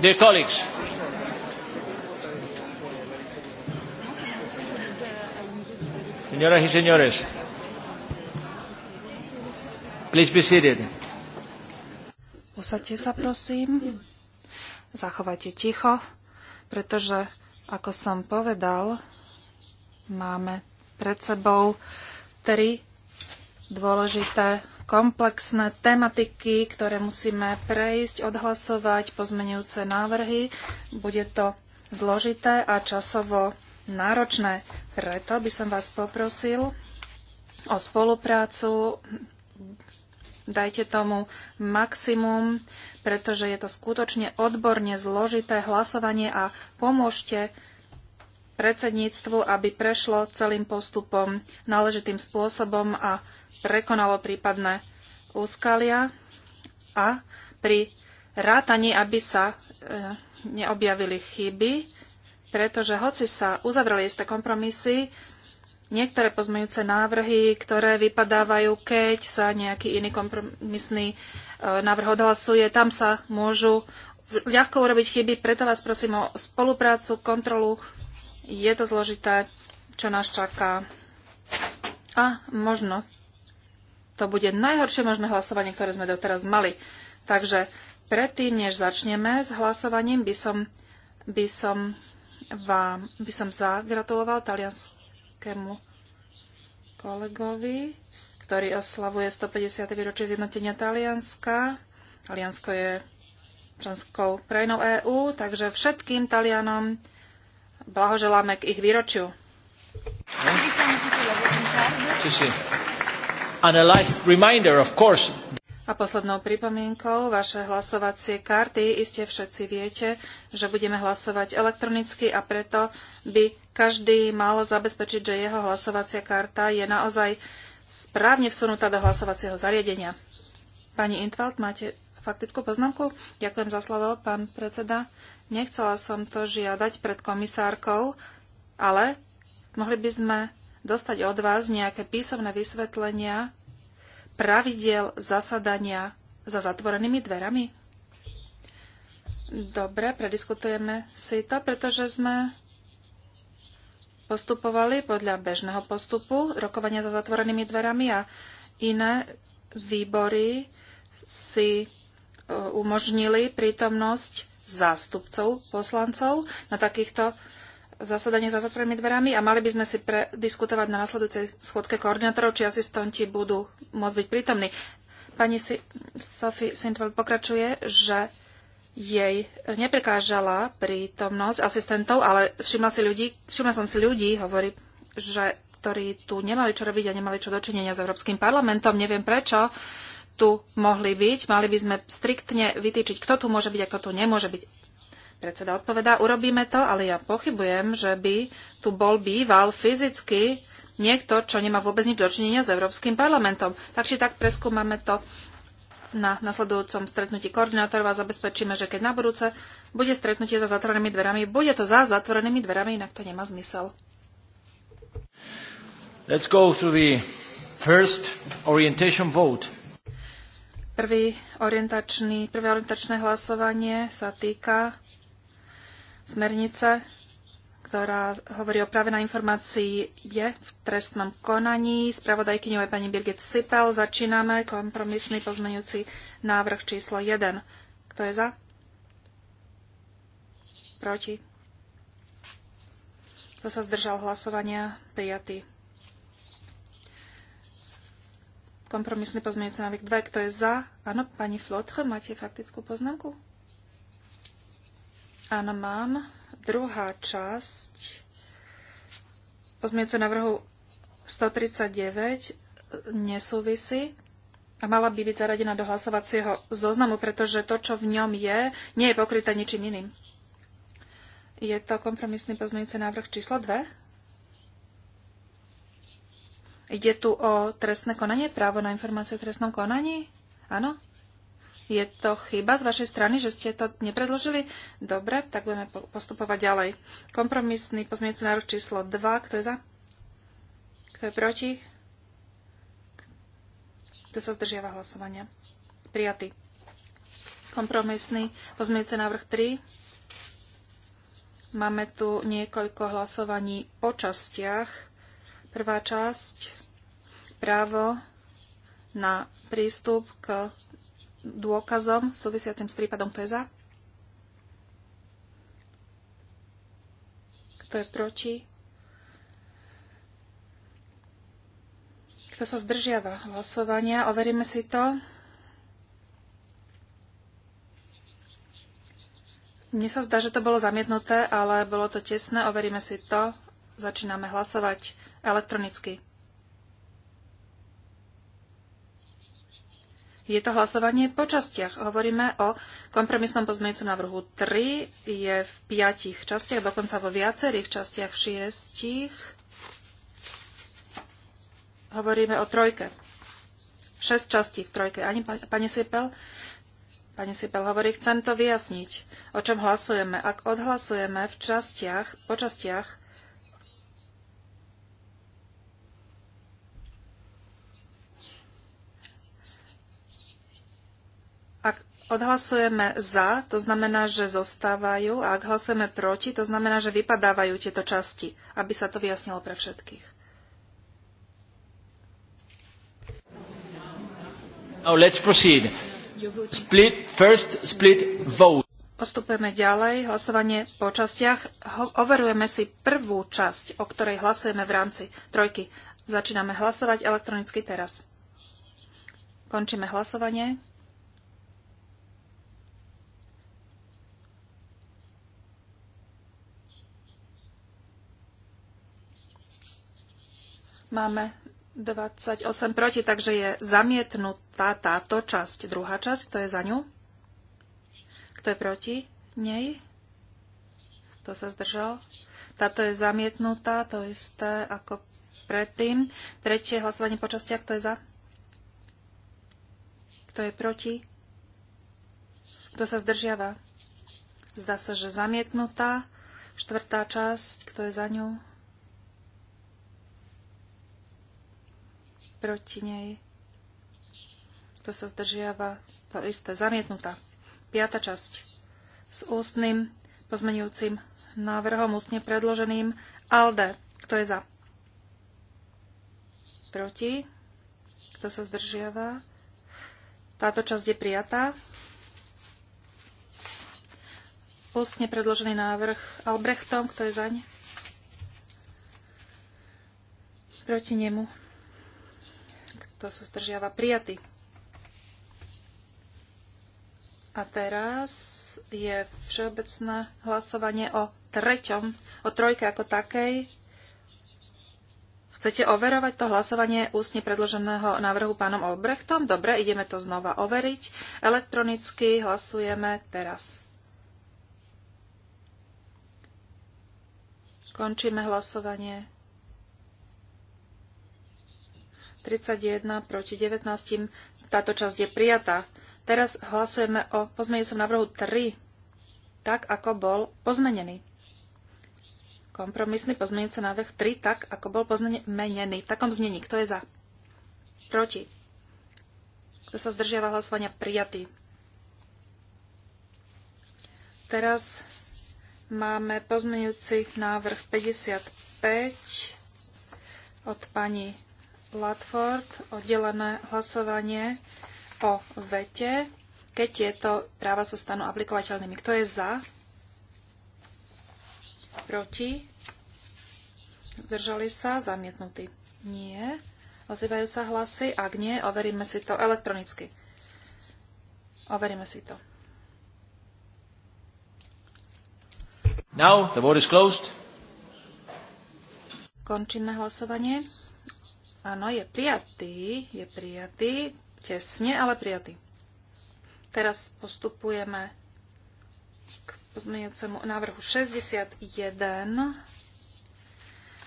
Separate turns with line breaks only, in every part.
Dear colleagues, señoras y señores, please be seated.
Posaďte sa prosím, zachovajte ticho, pretože, ako som povedal, máme pred sebou tri dôležité komplexné tematiky, ktoré musíme prejsť, odhlasovať, pozmenujúce návrhy. Bude to zložité a časovo náročné. Preto by som vás poprosil o spoluprácu. Dajte tomu maximum, pretože je to skutočne odborne zložité hlasovanie a pomôžte predsedníctvu, aby prešlo celým postupom náležitým spôsobom a prekonalo prípadné úskalia a pri rátaní, aby sa e, neobjavili chyby, pretože hoci sa uzavreli isté kompromisy, niektoré pozmeňujúce návrhy, ktoré vypadávajú, keď sa nejaký iný kompromisný e, návrh odhlasuje, tam sa môžu ľahko urobiť chyby, preto vás prosím o spoluprácu, kontrolu. Je to zložité, čo nás čaká. A možno to bude najhoršie možné hlasovanie, ktoré sme doteraz mali. Takže predtým, než začneme s hlasovaním, by som, by som vám, by som zagratuloval talianskému kolegovi, ktorý oslavuje 150. výročie zjednotenia Talianska. Taliansko je členskou krajinou EÚ, takže všetkým Talianom blahoželáme k ich výročiu. No?
And a last reminder, of course.
A poslednou pripomienkou, vaše hlasovacie karty, iste všetci viete, že budeme hlasovať elektronicky a preto by každý mal zabezpečiť, že jeho hlasovacia karta je naozaj správne vsunutá do hlasovacieho zariadenia. Pani Intvald, máte faktickú poznámku? Ďakujem za slovo, pán predseda. Nechcela som to žiadať pred komisárkou, ale mohli by sme dostať od vás nejaké písomné vysvetlenia pravidel zasadania za zatvorenými dverami? Dobre, prediskutujeme si to, pretože sme postupovali podľa bežného postupu rokovania za zatvorenými dverami a iné výbory si e, umožnili prítomnosť zástupcov poslancov na takýchto zasadanie za zatvorenými dverami a mali by sme si prediskutovať na následujúcej schôdke koordinátorov, či asistenti budú môcť byť prítomní. Pani si- Sophie Sintwell pokračuje, že jej neprekážala prítomnosť asistentov, ale všimla, si ľudí, všimla som si ľudí, hovorí, že ktorí tu nemali čo robiť a nemali čo dočinenia s Európskym parlamentom. Neviem prečo tu mohli byť. Mali by sme striktne vytýčiť, kto tu môže byť a kto tu nemôže byť Predseda odpovedá, urobíme to, ale ja pochybujem, že by tu bol býval fyzicky niekto, čo nemá vôbec nič dočinenia s Európskym parlamentom. Takže tak preskúmame to na nasledujúcom stretnutí koordinátorov a zabezpečíme, že keď na budúce bude stretnutie za zatvorenými dverami, bude to za zatvorenými dverami, inak to nemá zmysel.
Let's go through the first orientation vote.
Prvý orientačný, prvé orientačné hlasovanie sa týka Smernica, ktorá hovorí o práve na informácii, je v trestnom konaní. Spravodajkyňou je pani Birgit Sipel. Začíname kompromisný pozmeňujúci návrh číslo 1. Kto je za? Proti? Kto sa zdržal hlasovania? Prijatý. Kompromisný pozmeňujúci návrh 2. Kto je za? Áno, pani Flotch, máte faktickú poznámku? Áno, mám. Druhá časť pozmienco navrhu 139 nesúvisí a mala by byť zaradená do hlasovacieho zoznamu, pretože to, čo v ňom je, nie je pokryté ničím iným. Je to kompromisný pozmeňujúci návrh číslo 2. Ide tu o trestné konanie, právo na informáciu o trestnom konaní? Áno? Je to chyba z vašej strany, že ste to nepredložili? Dobre, tak budeme postupovať ďalej. Kompromisný pozmienci návrh číslo 2. Kto je za? Kto je proti? Kto sa zdržiava hlasovania? Prijatý. Kompromisný pozmienci návrh 3. Máme tu niekoľko hlasovaní po častiach. Prvá časť právo na prístup k dôkazom súvisiacim s prípadom, kto je za, kto je proti, kto sa zdržiava hlasovania. Overíme si to. Mne sa zdá, že to bolo zamietnuté, ale bolo to tesné. Overíme si to. Začíname hlasovať elektronicky. Je to hlasovanie po častiach. Hovoríme o kompromisnom pozmeňujúcom návrhu 3. Je v piatich častiach, dokonca vo viacerých častiach, v šiestich. Hovoríme o trojke. Šesť častí v trojke. Ani pani Sipel? Pani Sipel hovorí, chcem to vyjasniť. O čom hlasujeme? Ak odhlasujeme v častiach, po častiach odhlasujeme za, to znamená, že zostávajú, a ak hlasujeme proti, to znamená, že vypadávajú tieto časti, aby sa to vyjasnilo pre všetkých.
Now let's proceed. Split, first split vote.
Postupujeme ďalej, hlasovanie po častiach. Ho- overujeme si prvú časť, o ktorej hlasujeme v rámci trojky. Začíname hlasovať elektronicky teraz. Končíme hlasovanie. Máme 28 proti, takže je zamietnutá táto časť. Druhá časť, kto je za ňu? Kto je proti nej? Kto sa zdržal? Táto je zamietnutá, to isté ako predtým. Tretie hlasovanie po častiach, kto je za? Kto je proti? Kto sa zdržiava? Zdá sa, že zamietnutá. Štvrtá časť, kto je za ňou? proti nej. Kto sa zdržiava, to isté. Zamietnutá. Piata časť. S ústnym pozmenujúcim návrhom ústne predloženým ALDE. Kto je za? Proti? Kto sa zdržiava? Táto časť je prijatá. Ústne predložený návrh Albrechtom. Kto je zaň? Proti nemu kto sa zdržiava, prijatý. A teraz je všeobecné hlasovanie o treťom, o trojke ako takej. Chcete overovať to hlasovanie ústne predloženého návrhu pánom Olbrechtom? Dobre, ideme to znova overiť. Elektronicky hlasujeme teraz. Končíme hlasovanie. 31 proti 19. Táto časť je prijatá. Teraz hlasujeme o pozmeňujúcom návrhu 3, tak ako bol pozmenený. Kompromisný pozmeňujúci návrh 3, tak ako bol pozmenený. V takom znení. Kto je za? Proti. Kto sa zdržiava hlasovania? Prijatý. Teraz máme pozmeňujúci návrh 55 od pani Latford, oddelené hlasovanie o vete, keď tieto práva sa stanú aplikovateľnými. Kto je za? Proti? Zdržali sa? Zamietnutí? Nie. Ozývajú sa hlasy? Ak nie, overíme si to elektronicky. Overíme si to.
Now the vote is closed.
Končíme hlasovanie. Áno, je prijatý, je prijatý, tesne, ale prijatý. Teraz postupujeme k pozmeňujúcemu návrhu 61,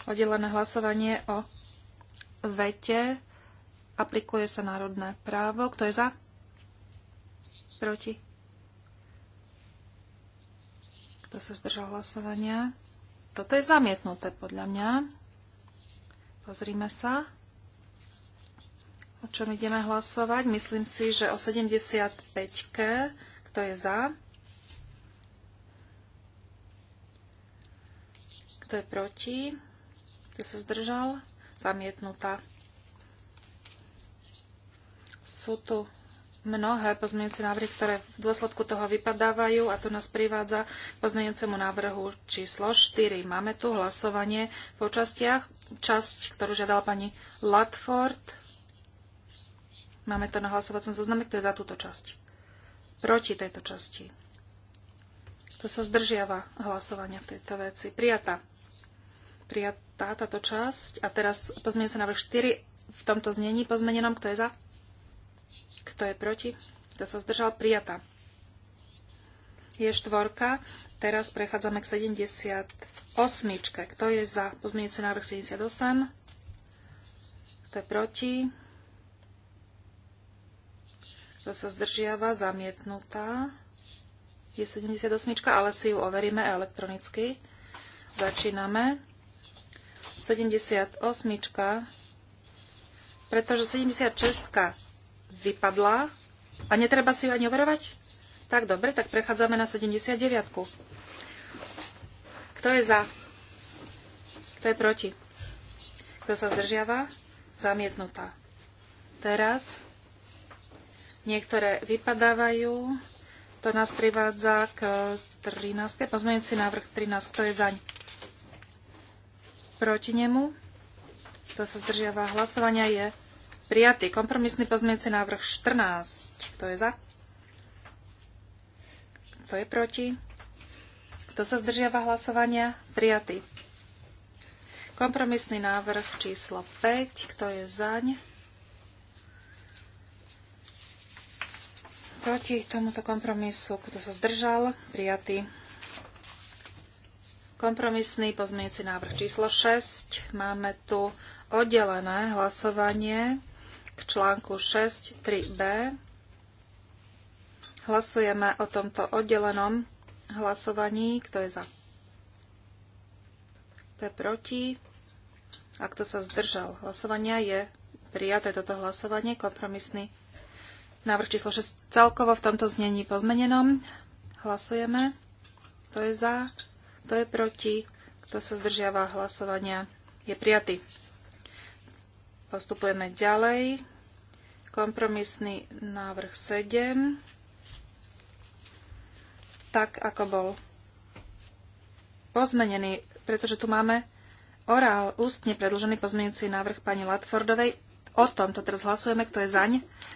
oddelené hlasovanie o vete, aplikuje sa národné právo. Kto je za? Proti? Kto sa zdržal hlasovania? Toto je zamietnuté podľa mňa. Pozrime sa o čom ideme hlasovať. Myslím si, že o 75 Kto je za? Kto je proti? Kto sa zdržal? Zamietnutá. Sú tu mnohé pozmeňujúce návrhy, ktoré v dôsledku toho vypadávajú a to nás privádza k pozmeňujúcemu návrhu číslo 4. Máme tu hlasovanie po častiach. Časť, ktorú žiadala pani Latford, Máme to na hlasovacom zozname, kto je za túto časť. Proti tejto časti. To sa zdržiava hlasovania v tejto veci. Prijatá. Prijatá táto časť. A teraz pozmenie sa návrh 4 v tomto znení pozmenenom. Kto je za? Kto je proti? Kto sa zdržal? Prijatá. Je štvorka. Teraz prechádzame k 78. Kto je za pozmeňujúci návrh 78? Kto je proti? Kto sa zdržiava? Zamietnutá. Je 78, ale si ju overíme elektronicky. Začíname. 78, pretože 76 vypadla a netreba si ju ani overovať? Tak dobre, tak prechádzame na 79. Kto je za? Kto je proti? Kto sa zdržiava? Zamietnutá. Teraz niektoré vypadávajú. To nás privádza k 13. Pozmeňujúci návrh 13. Kto je zaň? Proti nemu? Kto sa zdržiava hlasovania je prijatý. Kompromisný pozmeňujúci návrh 14. Kto je za? Kto je proti? Kto sa zdržiava hlasovania? Prijatý. Kompromisný návrh číslo 5. Kto je zaň? proti tomuto kompromisu, kto sa zdržal, prijatý. Kompromisný pozmienci návrh číslo 6. Máme tu oddelené hlasovanie k článku 6 3b. Hlasujeme o tomto oddelenom hlasovaní. Kto je za? Kto je proti? A kto sa zdržal? Hlasovania je prijaté toto hlasovanie. Kompromisný Návrh číslo 6 celkovo v tomto znení pozmenenom. Hlasujeme. Kto je za? Kto je proti? Kto sa zdržiava hlasovania? Je prijatý. Postupujeme ďalej. Kompromisný návrh 7. Tak, ako bol pozmenený, pretože tu máme orál ústne predložený pozmenujúci návrh pani Latfordovej O to teraz hlasujeme, kto je zaň,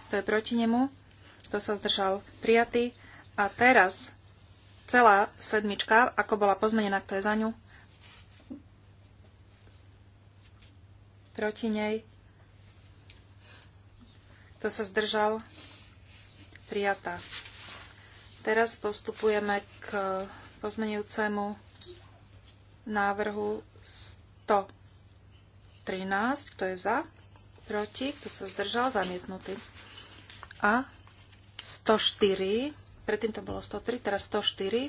kto je proti nemu, kto sa zdržal prijatý. A teraz celá sedmička, ako bola pozmenená, kto je za ňu, proti nej, kto sa zdržal, prijatá. Teraz postupujeme k pozmenujúcemu návrhu 113, kto je za, proti, kto sa zdržal, zamietnutý. A 104, predtým to bolo 103, teraz 104.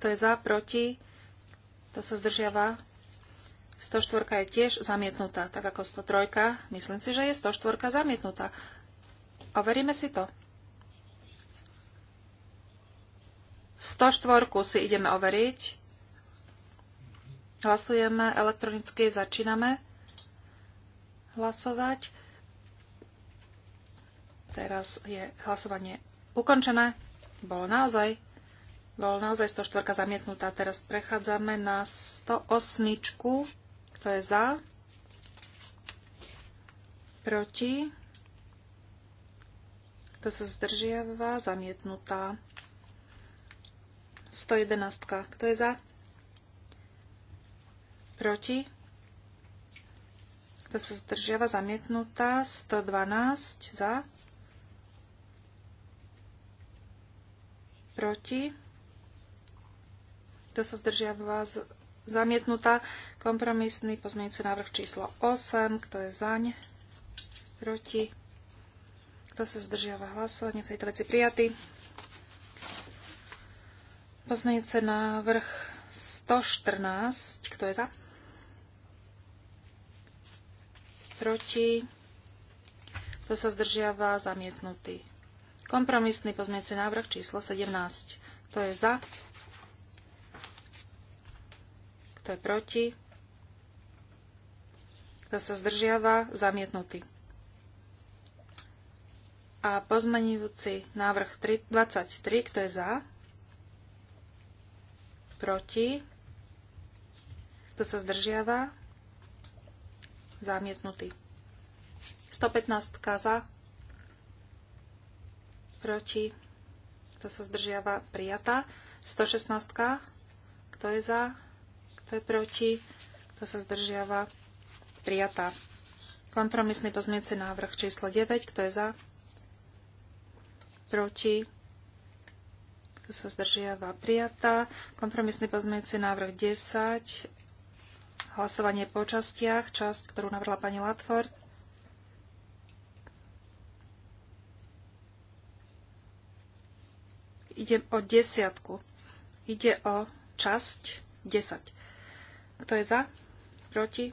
Kto je za, proti, kto sa zdržiava, 104 je tiež zamietnutá, tak ako 103. Myslím si, že je 104 zamietnutá. Overíme si to. 104 si ideme overiť. Hlasujeme elektronicky, začíname hlasovať. Teraz je hlasovanie ukončené. Bolo naozaj, bolo naozaj 104 zamietnutá. Teraz prechádzame na 108. Kto je za? Proti? Kto sa zdržiava? Zamietnutá. 111. Kto je za? proti, kto sa zdržiava, zamietnutá, 112 za, proti, kto sa zdržiava, zamietnutá, kompromisný pozmeňujúci návrh číslo 8, kto je zaň, proti, kto sa zdržiava hlasovanie v tejto veci prijatý. Pozmeňujúce návrh 114, kto je za? proti, kto sa zdržiava, zamietnutý. Kompromisný pozmieci návrh číslo 17. Kto je za? Kto je proti? Kto sa zdržiava, zamietnutý. A pozmenujúci návrh 23, kto je za? Proti? Kto sa zdržiava? Zamietnutý. 115 za. Proti. Kto sa zdržiava? Prijatá. 116. Kto je za? Kto je proti? Kto sa zdržiava? Prijatá. Kompromisný pozmeňujúci návrh číslo 9. Kto je za? Proti? Kto sa zdržiava? Prijatá. Kompromisný pozmeňujúci návrh 10 hlasovanie po častiach, časť, ktorú navrhla pani Latford. Ide o desiatku. Ide o časť 10. Kto je za? Proti?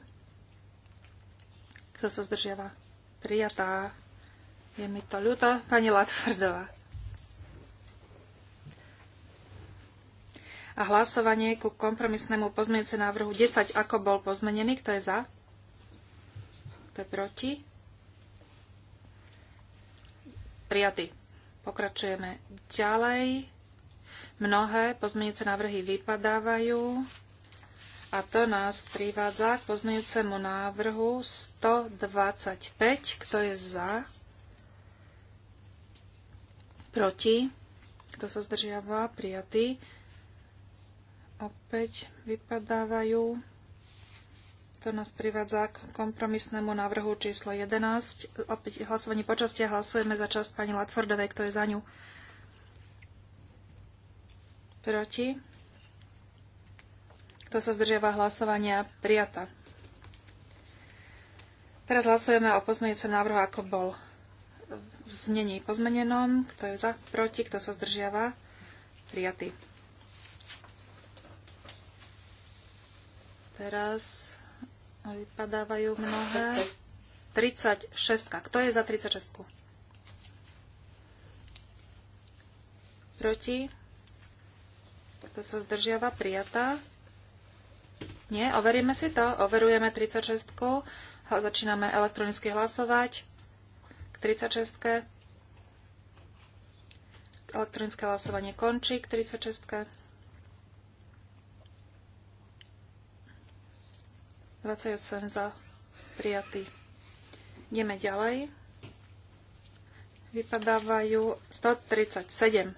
Kto sa zdržiava? Prijatá. Je mi to ľúto. Pani Latfordová. a hlasovanie ku kompromisnému pozmeňujúcemu návrhu 10, ako bol pozmenený. Kto je za? Kto je proti? Prijatý. Pokračujeme ďalej. Mnohé pozmeňujúce návrhy vypadávajú a to nás privádza k pozmeňujúcemu návrhu 125. Kto je za? Proti? Kto sa zdržiava? Prijatý opäť vypadávajú. To nás privádza k kompromisnému návrhu číslo 11. Opäť hlasovanie počastia. Hlasujeme za časť pani Latfordovej, kto je za ňu. Proti. Kto sa zdržiava hlasovania? Prijata. Teraz hlasujeme o pozmeňujúcom návrhu, ako bol v znení pozmenenom. Kto je za? Proti. Kto sa zdržiava? Prijatý. Teraz vypadávajú mnohé. 36. Kto je za 36? Proti? Kto sa zdržiava? Prijatá? Nie? Overíme si to. Overujeme 36. Začíname elektronicky hlasovať k 36. Elektronické hlasovanie končí k 36. 28 za prijatý. Ideme ďalej. Vypadávajú 137.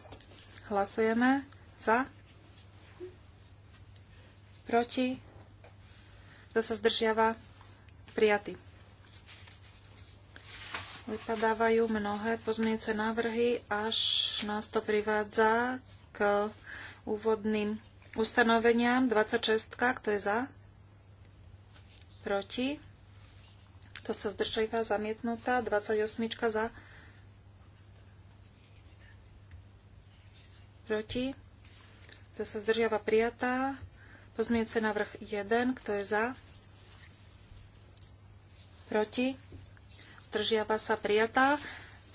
Hlasujeme za. Proti. Kto sa zdržiava? Prijatý. Vypadávajú mnohé pozmienice návrhy, až nás to privádza k úvodným ustanoveniam. 26. Kto je za? proti, to sa zdržíva, zamietnutá, 28 za, proti, to sa zdržiava prijatá, pozmienujúce návrh 1, kto je za, proti, zdržiava sa prijatá,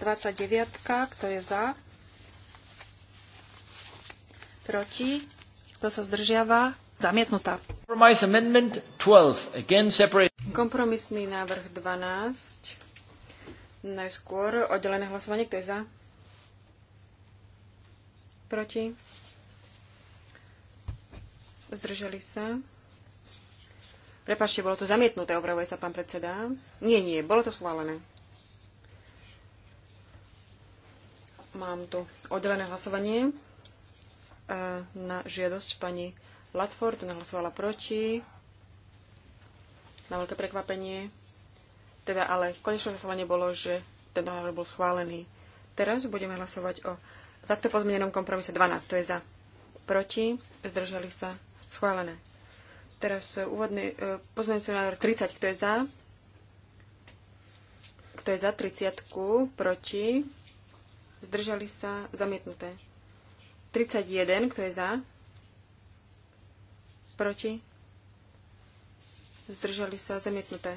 29, kto je za, proti, kto sa zdržiava, Zamietnutá. Kompromisný návrh
12. Najskôr oddelené hlasovanie. Kto je za? Proti? Zdržali sa? Prepašte, bolo to zamietnuté, opravuje sa pán predseda. Nie, nie, bolo to schválené. Mám tu oddelené hlasovanie eh, na žiadosť pani Latford, ona hlasovala proti. Na veľké prekvapenie. Teda ale konečné hlasovanie bolo, že ten návrh bol schválený. Teraz budeme hlasovať o takto pozmenenom kompromise 12. To je za. Proti. Zdržali sa. Schválené. Teraz e, úvodný uh, e, pozmenený návrh 30. Kto je za? Kto je za 30? Proti. Zdržali sa. Zamietnuté. 31. Kto je za? proti, zdržali sa zamietnuté.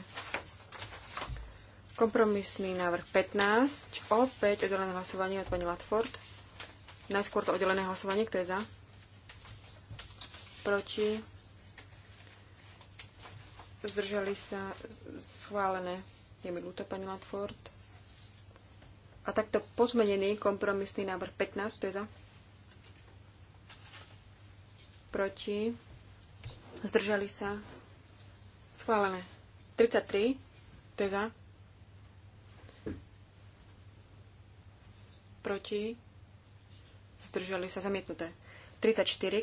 Kompromisný návrh 15, opäť oddelené hlasovanie od pani Latford. Najskôr to oddelené hlasovanie, kto je za? Proti? Zdržali sa schválené. Je mi ľúto, pani Latford. A takto pozmenený kompromisný návrh 15, kto je za? Proti? zdržali sa, schválené. 33, Teza. je za, proti, zdržali sa, zamietnuté. 34,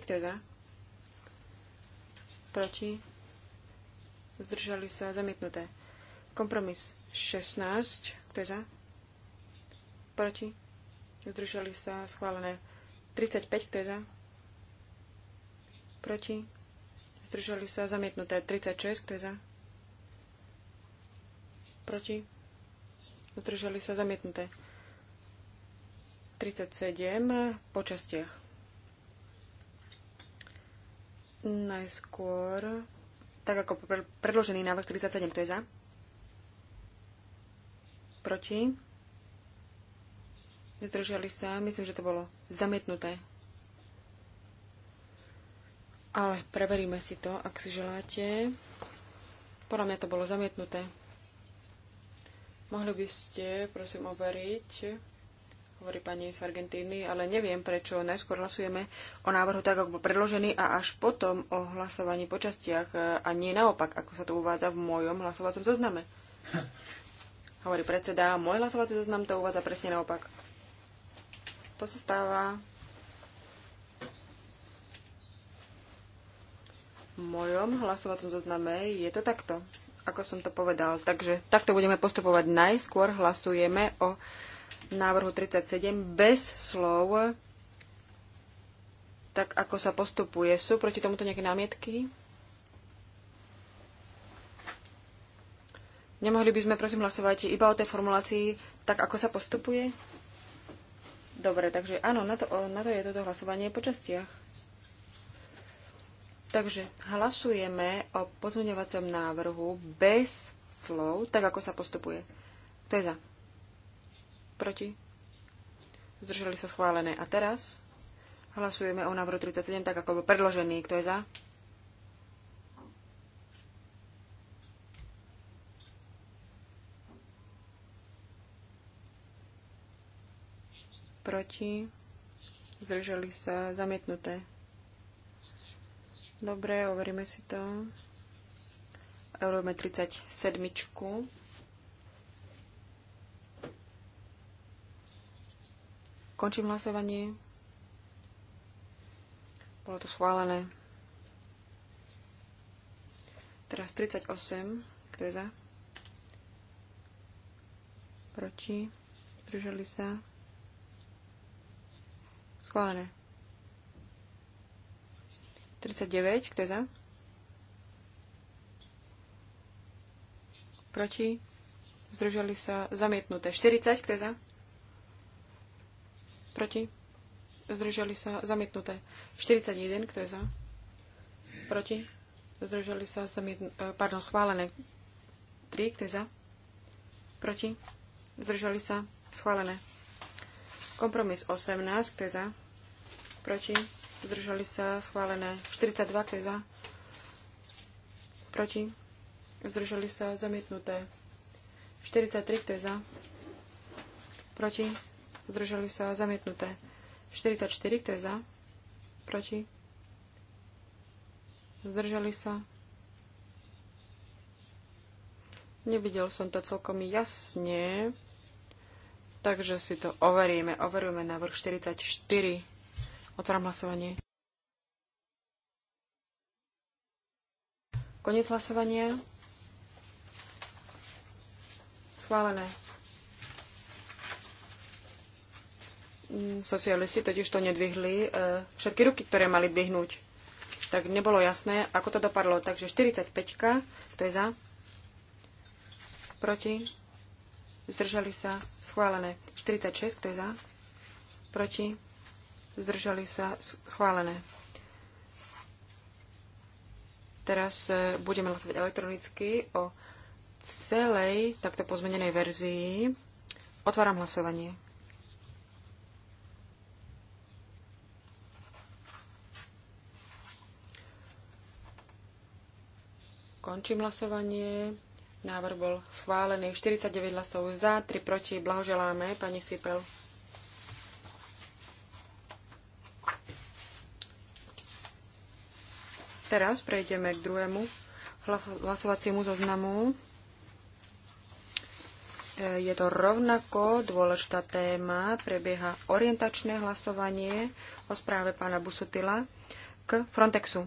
kto je za, proti, zdržali sa, zamietnuté. Kompromis 16, kto je za, proti, zdržali sa, schválené. 35, kto je za, proti, Zdržali sa zamietnuté 36, kto je za? Proti? Zdržali sa zamietnuté 37 po častiach. Najskôr, tak ako predložený návrh 37, kto je za? Proti? Zdržali sa, myslím, že to bolo zamietnuté ale preveríme si to, ak si želáte. Podľa mňa to bolo zamietnuté. Mohli by ste, prosím, overiť, hovorí pani z Argentíny, ale neviem, prečo najskôr hlasujeme o návrhu tak, ako bol predložený a až potom o hlasovaní po častiach a nie naopak, ako sa to uvádza v mojom hlasovacom zozname. Hovorí predseda, môj hlasovací zoznam to uvádza presne naopak. To sa stáva mojom hlasovacom zozname je to takto, ako som to povedal. Takže takto budeme postupovať. Najskôr hlasujeme o návrhu 37 bez slov, tak ako sa postupuje. Sú proti tomuto nejaké námietky? Nemohli by sme prosím hlasovať iba o tej formulácii, tak ako sa postupuje? Dobre, takže áno, na to, na to je toto hlasovanie po častiach. Takže hlasujeme o pozmeňovacom návrhu bez slov, tak ako sa postupuje. Kto je za? Proti? Zdržali sa schválené. A teraz hlasujeme o návrhu 37, tak ako bol predložený. Kto je za? Proti? Zdržali sa zamietnuté. Dobre, overíme si to. Eurome 37. Končím hlasovanie. Bolo to schválené. Teraz 38. Kto je za? Proti? Zdržali sa? Schválené. 39, kto je za? Proti? Zdržali sa zamietnuté. 40, kto je za? Proti? Zdržali sa zamietnuté. 41, kto je za? Proti? Zdržali sa zamietnuté. E, pardon, schválené. 3, kto je za? Proti? Zdržali sa schválené. Kompromis 18, kto je za? Proti? zdržali sa, schválené. 42, kto je za, proti, zdržali sa, zamietnuté. 43, kto je za, proti, zdržali sa, zamietnuté. 44, kto je za, proti, zdržali sa. Nevidel som to celkom jasne, takže si to overíme. Overujeme návrh 44. Otváram hlasovanie. Konec hlasovania. Schválené. Mm, socialisti totiž to nedvihli. E, všetky ruky, ktoré mali dvihnúť, tak nebolo jasné, ako to dopadlo. Takže 45, kto je za? Proti? Zdržali sa? Schválené. 46, kto je za? Proti? zdržali sa schválené. Teraz e, budeme hlasovať elektronicky o celej takto pozmenenej verzii. Otváram hlasovanie. Končím hlasovanie. Návrh bol schválený. 49 hlasov za, 3 proti. Blahoželáme, pani Sipel. Teraz prejdeme k druhému hlasovaciemu zoznamu. E, je to rovnako dôležitá téma. Prebieha orientačné hlasovanie o správe pána Busutila k Frontexu.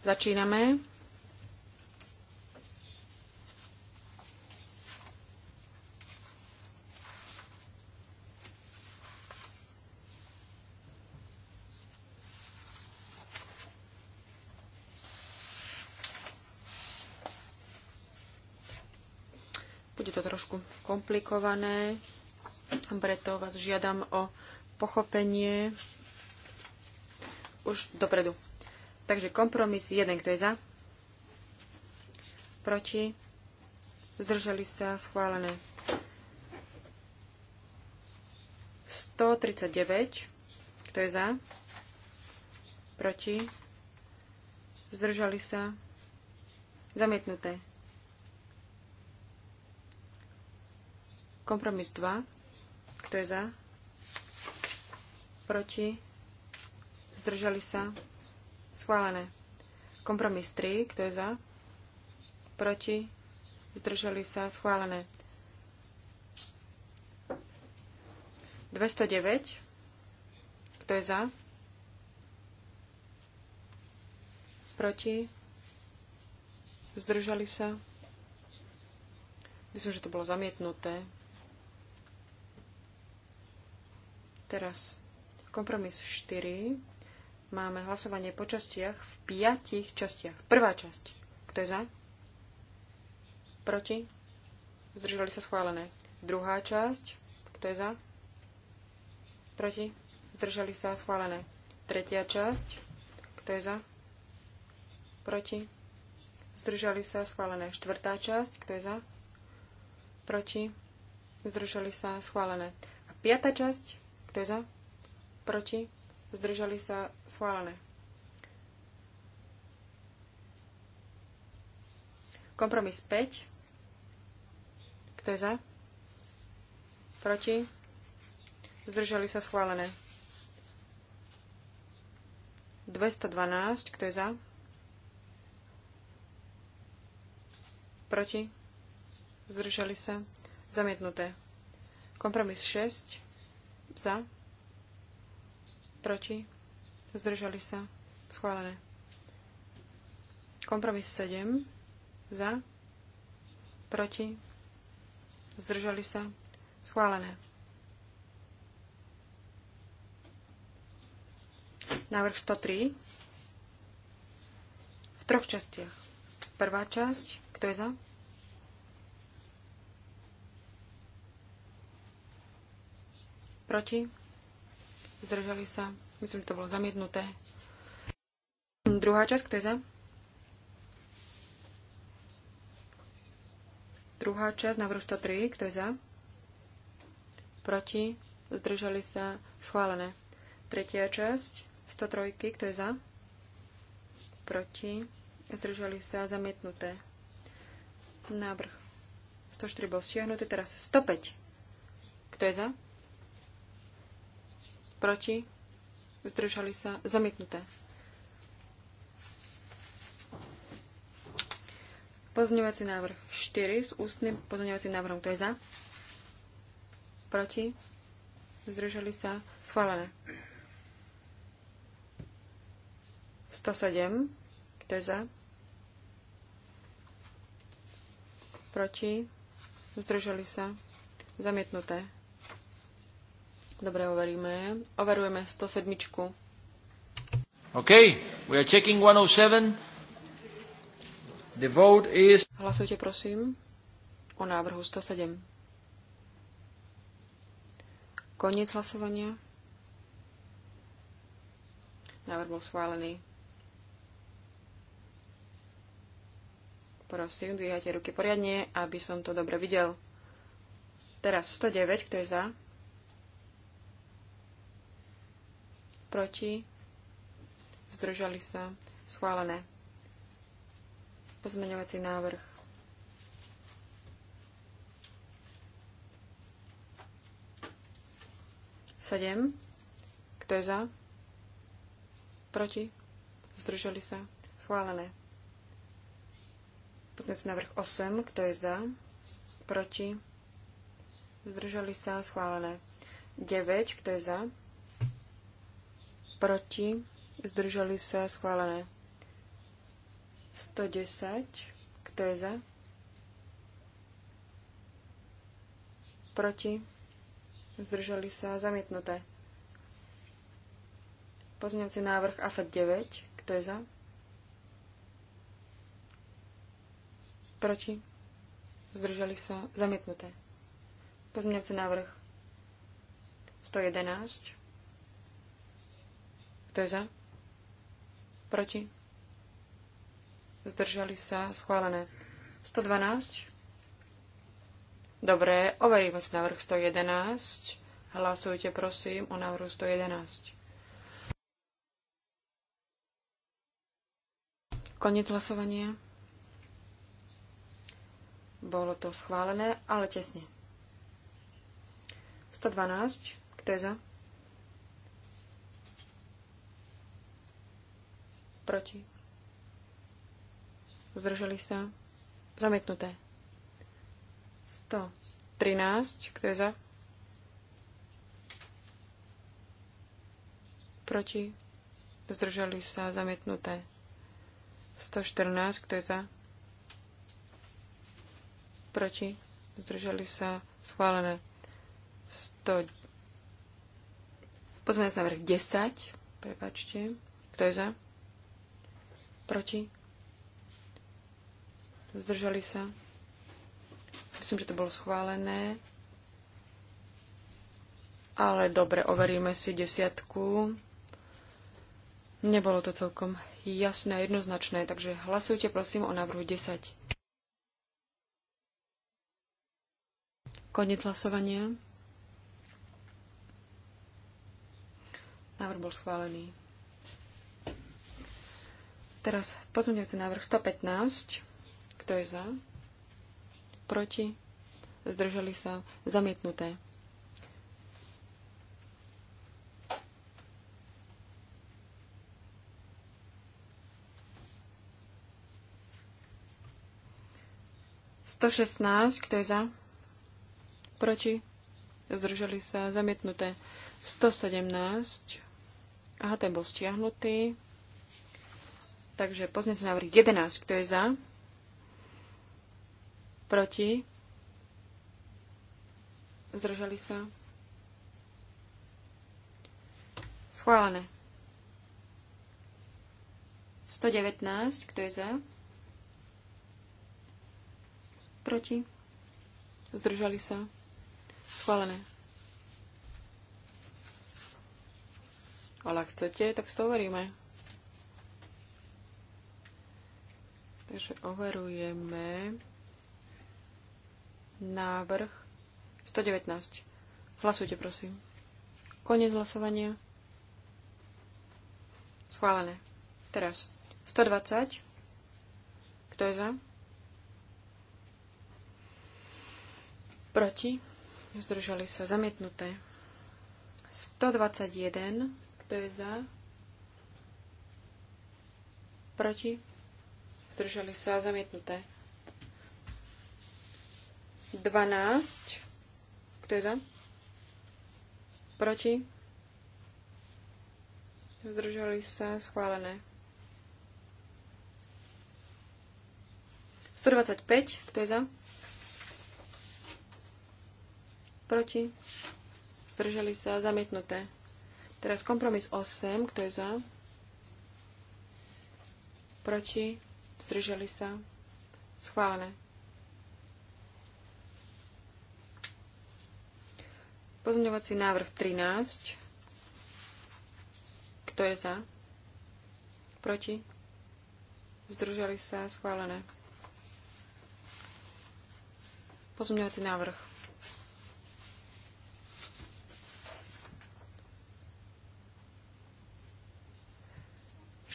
Začíname. Bude to trošku komplikované, preto vás žiadam o pochopenie už dopredu. Takže kompromis 1, kto je za? Proti? Zdržali sa schválené. 139. Kto je za? Proti? Zdržali sa? Zamietnuté. Kompromis 2. Kto je za? Proti? Zdržali sa? Schválené. Kompromis 3. Kto je za? Proti? Zdržali sa? Schválené. 209. Kto je za? Proti? Zdržali sa? Myslím, že to bolo zamietnuté. Teraz kompromis 4. Máme hlasovanie po častiach v piatich častiach. Prvá časť. Kto je za? Proti? Zdržali sa schválené. Druhá časť. Kto je za? Proti? Zdržali sa schválené. Tretia časť. Kto je za? Proti? Zdržali sa schválené. Štvrtá časť. Kto je za? Proti? Zdržali sa schválené. A piata časť. Kto je za? Proti? Zdržali sa? Schválené. Kompromis 5. Kto je za? Proti? Zdržali sa? Schválené. 212. Kto je za? Proti? Zdržali sa? Zamietnuté. Kompromis 6. Za? Proti? Zdržali sa? Schválené. Kompromis 7. Za? Proti? Zdržali sa? Schválené. Návrh 103. V troch častiach. Prvá časť. Kto je za? Proti? Zdržali sa. Myslím, že to bolo zamietnuté. Druhá časť, kto je za? Druhá časť, návrh 103, kto je za? Proti? Zdržali sa. Schválené. Tretia časť, 103, kto je za? Proti? Zdržali sa. Zamietnuté. Návrh 104 bol stiahnutý, teraz 105. Kto je za? proti, zdržali sa, zamietnuté. Pozňovací návrh 4 s ústnym pozňovacím návrhom. Kto je za? Proti? Zdržali sa? Schválené. 107. Kto je za? Proti? Zdržali sa? Zamietnuté. Dobre, overíme. Overujeme 107.
OK, we are checking 107. The vote is...
Hlasujte, prosím, o návrhu 107. Koniec hlasovania. Návrh bol schválený. Prosím, dvíhajte ruky poriadne, aby som to dobre videl. Teraz 109, kto je za? proti, zdržali sa, schválené. Pozmeňovací návrh. Sedem. Kto je za? Proti? Zdržali sa? Schválené. Pozmeňovací návrh 8. Kto je za? Proti? Zdržali sa? Schválené. 9. Kto je za? proti, zdržali sa schválené. 110, kto je za? Proti, zdržali sa zamietnuté. Pozmeňujúci návrh AFED 9, kto je za? Proti, zdržali sa zamietnuté. Pozmňujúci návrh 111, kto je za? Proti? Zdržali sa? Schválené. 112. Dobre, overím vás návrh 111. Hlasujte prosím o návrhu 111. Koniec hlasovania. Bolo to schválené, ale tesne. 112. Kto je za? proti, zdrželi sa, zamietnuté. 113, kto je za, proti, zdrželi sa, zamietnuté. 114, kto je za, proti, zdrželi sa, schválené. 100, na vrch 10, prepačte, kto je za, Proti? Zdržali sa? Myslím, že to bolo schválené. Ale dobre, overíme si desiatku. Nebolo to celkom jasné a jednoznačné, takže hlasujte prosím o návrhu 10. Konec hlasovania. Návrh bol schválený. Teraz pozmeňujúci návrh 115. Kto je za? Proti? Zdržali sa? Zamietnuté. Sto šestnáct, kto je za? Proti? Zdržali sa? Zamietnuté. 117 Aha, ten bol stiahnutý. Takže sa návrh 11. Kto je za? Proti? Zdržali sa? Schválené. 119. Kto je za? Proti? Zdržali sa? Schválené. Ale chcete, tak to hovoríme. že overujeme návrh 119. Hlasujte, prosím. Koniec hlasovania. Schválené. Teraz 120. Kto je za? Proti? Zdržali sa zamietnuté. 121. Kto je za? Proti? zdržali sa, zamietnuté. 12, kto je za? Proti? Zdržali sa, schválené. 125, kto je za? Proti? Zdržali sa, zamietnuté. Teraz kompromis 8, kto je za? Proti? Zdrželi sa? Schválené. Pozmeňovací návrh 13. Kto je za? Proti? Zdržali sa? Schválené. Pozmeňovací návrh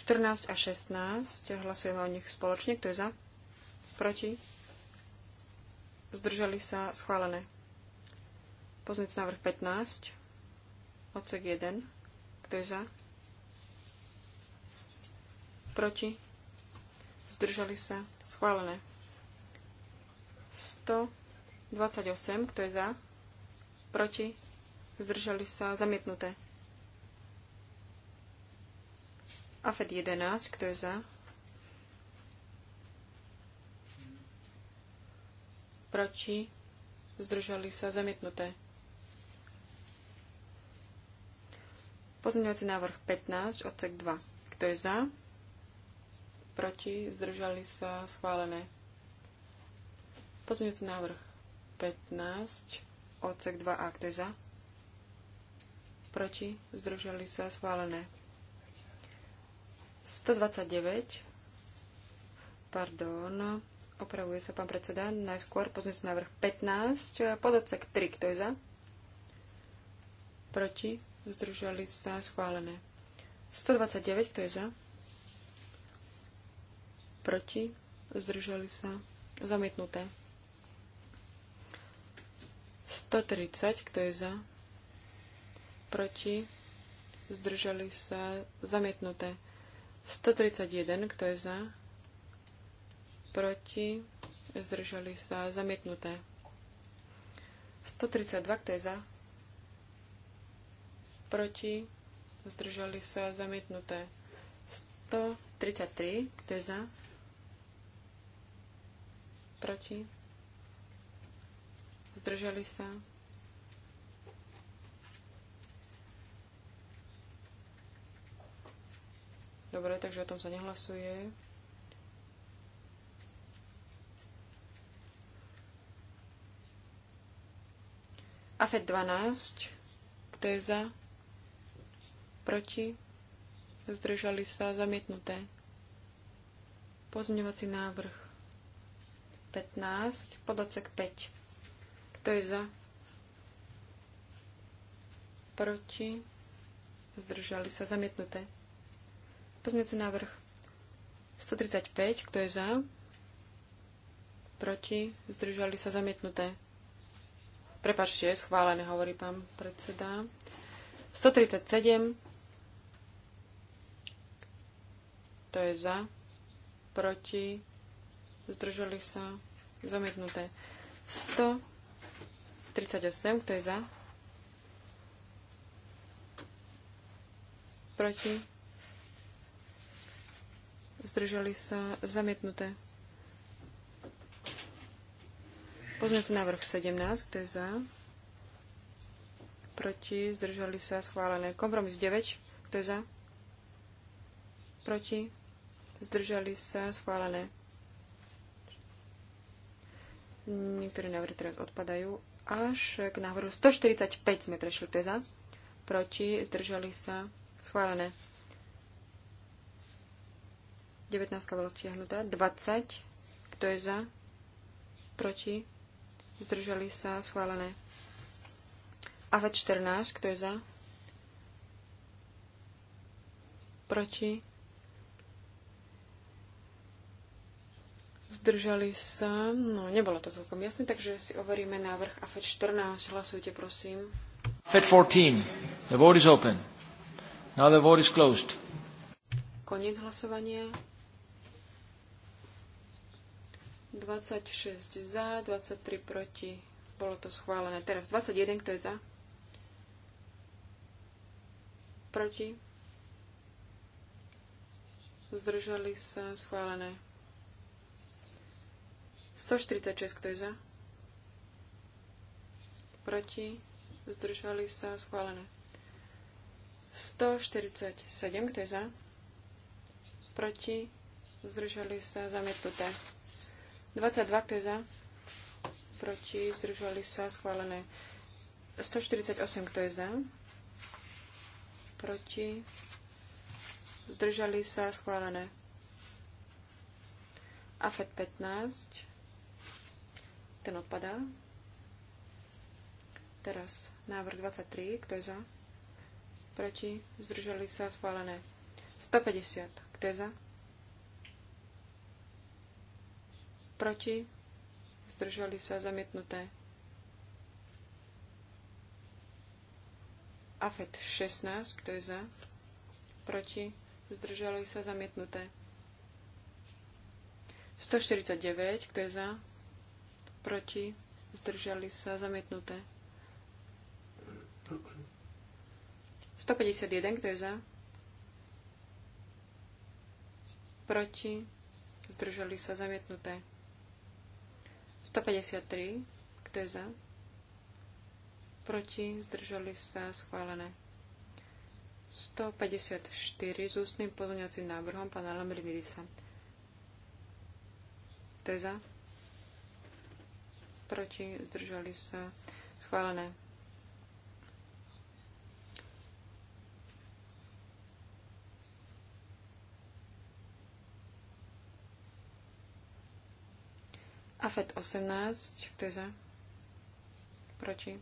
14 a 16. Hlasujeme o nich spoločne. Kto je za? Proti? Zdržali sa schválené. Pozmeňujúci návrh 15. Odsek 1. Kto je za? Proti? Zdržali sa schválené. 128. Kto je za? Proti? Zdržali sa zamietnuté. Afet 11, kto je za? Proti? Zdržali sa zamietnuté. Pozmeňovací návrh 15, odsek 2. Kto je za? Proti? Zdržali sa? Schválené. Pozmeňovací návrh 15, odsek 2a. Kto je za? Proti? Zdržali sa? Schválené. 129. Pardon. Opravuje sa pán predseda. Najskôr pozrieme sa vrch 15. Podocek 3. Kto je za? Proti? Združali sa schválené. 129. Kto je za? Proti? Združali sa zamietnuté. 130. Kto je za? Proti? Zdržali sa zamietnuté. 131, kto je za? Proti? Zdržali sa zamietnuté. 132, kto je za? Proti? Zdržali sa zamietnuté. 133, kto je za? Proti? Zdržali sa Dobre, takže o tom sa nehlasuje. AFED 12. Kto je za? Proti? Zdržali sa zamietnuté. Pozmeňovací návrh 15, podocek 5. Kto je za? Proti? Zdržali sa zamietnuté. Pozmeňujúci návrh 135, kto je za? Proti? Zdržali sa zamietnuté. Prepačte, schválené, hovorí pán predseda. 137. To je za. Proti? Zdržali sa. Zamietnuté. 138. Kto je za? Proti? zdržali sa zamietnuté. Pozmeňujúci návrh 17, kto je za? Proti, zdržali sa schválené. Kompromis 9, kto je za? Proti, zdržali sa schválené. Niektoré návrhy teraz odpadajú. Až k návrhu 145 sme prešli, kto je za? Proti, zdržali sa schválené. 19 bola stiahnutá. 20. Kto je za? Proti? Zdržali sa? Schválené. AFED 14. Kto je za? Proti? Zdržali sa. No, nebolo to celkom jasné, takže si overíme návrh AFE 14. Hlasujte, prosím.
AFED 14. The vote is open. Now the vote is closed.
Koniec hlasovania. 26 za, 23 proti. Bolo to schválené. Teraz 21, kto je za? Proti? Zdržali sa schválené. 146, kto je za? Proti? Zdržali sa schválené. 147, kto je za? Proti? Zdržali sa zamietnuté. 22, kto je za? Proti, zdržali sa, schválené. 148, kto je za? Proti, zdržali sa, schválené. AFED 15, ten odpadá. Teraz návrh 23, kto je za? Proti, zdržali sa, schválené. 150, kto je za? proti, zdržali sa zamietnuté. AFET 16, kto je za, proti, zdržali sa zamietnuté. 149, kto je za, proti, zdržali sa zamietnuté. 151, kto je za? Proti? Zdržali sa zamietnuté. 153. Kto je za? Proti? Zdržali sa? Schválené. 154 s ústnym pozmeňovacím návrhom pána Lambrinidisa. Kto je za? Proti? Zdržali sa? Schválené. AFET 18, kto je za? Proti?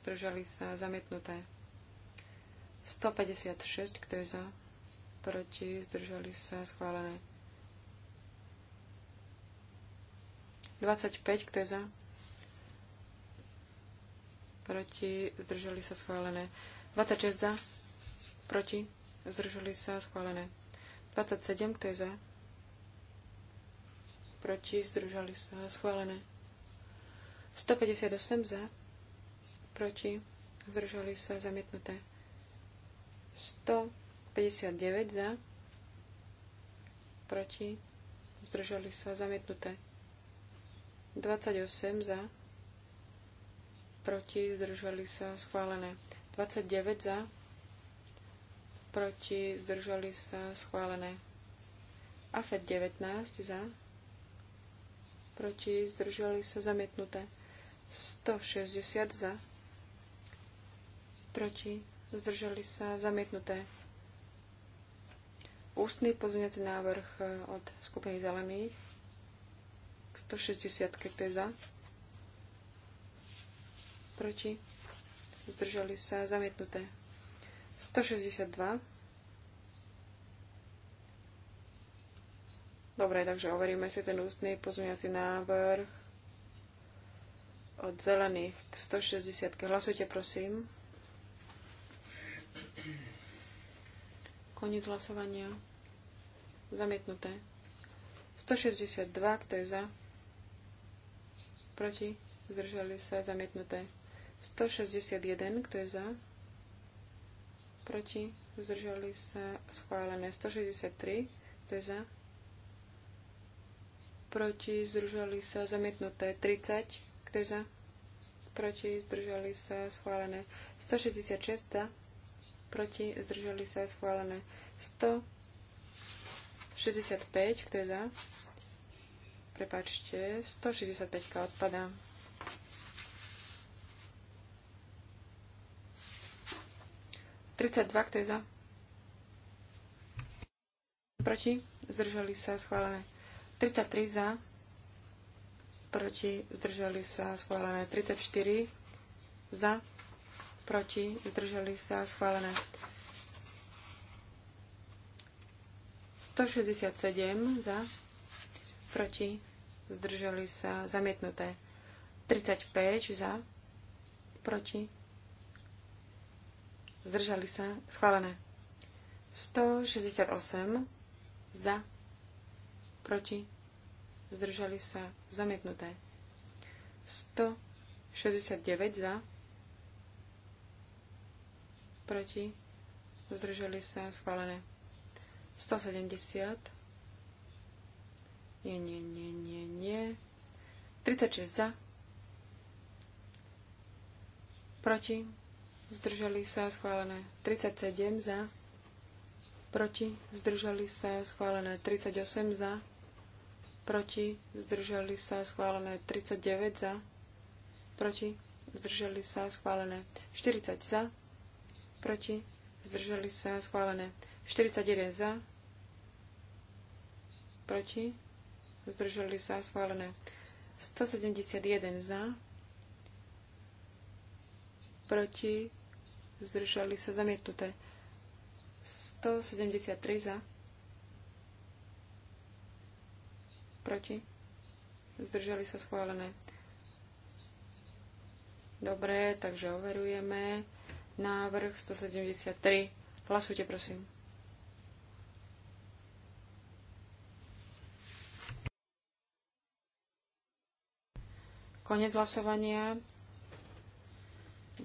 Zdržali sa zamietnuté. 156, kto je za? Proti? Zdržali sa schválené. 25, kto je za? Proti? Zdržali sa schválené. 26 za? Proti? Zdržali sa schválené. 27, kto je za? proti, zdržali sa, schválené. 158 za, proti, zdržali sa, zamietnuté. 159 za, proti, zdržali sa, zamietnuté. 28 za, proti, zdržali sa, schválené. 29 za, proti, zdržali sa, schválené. AFED 19 za, proti, zdržali sa zamietnuté. 160 za, proti, zdržali sa zamietnuté. Ústny pozmeňací návrh e, od skupiny zelených 160, to je za, proti, zdržali sa zamietnuté. 162 Dobre, takže overíme si ten ústny pozmeňací návrh od zelených k 160. Hlasujte, prosím. Koniec hlasovania. Zamietnuté. 162, kto je za? Proti? Zdržali sa, zamietnuté. 161, kto je za? Proti? Zdržali sa, schválené. 163, kto je za? proti, zdržali sa, zamietnuté 30, kto je za, proti, zdržali sa, schválené 166, proti, zdržali sa, schválené 165, kto je za, prepačte, 165 odpadá. Tridsaťdva, kto je za? Proti? Zdržali sa schválené. 33 za, proti, zdržali sa, schválené. 34 za, proti, zdržali sa, schválené. 167 za, proti, zdržali sa, zamietnuté. 35 za, proti, zdržali sa, schválené. 168 za, proti, zdržali sa zamietnuté. 169 za, proti, zdržali sa schválené. 170, nie, nie, nie, nie, nie, 36 za, proti, zdržali sa schválené. 37 za, proti, zdržali sa schválené. 38 za, proti, zdržali sa schválené 39 za, proti, zdržali sa schválené 40 za, proti, zdržali sa schválené 41 za, proti, zdržali sa schválené 171 za, proti, zdržali sa zamietnuté 173 za, proti, zdržali sa schválené. Dobre, takže overujeme. Návrh 173. Hlasujte, prosím. Konec hlasovania.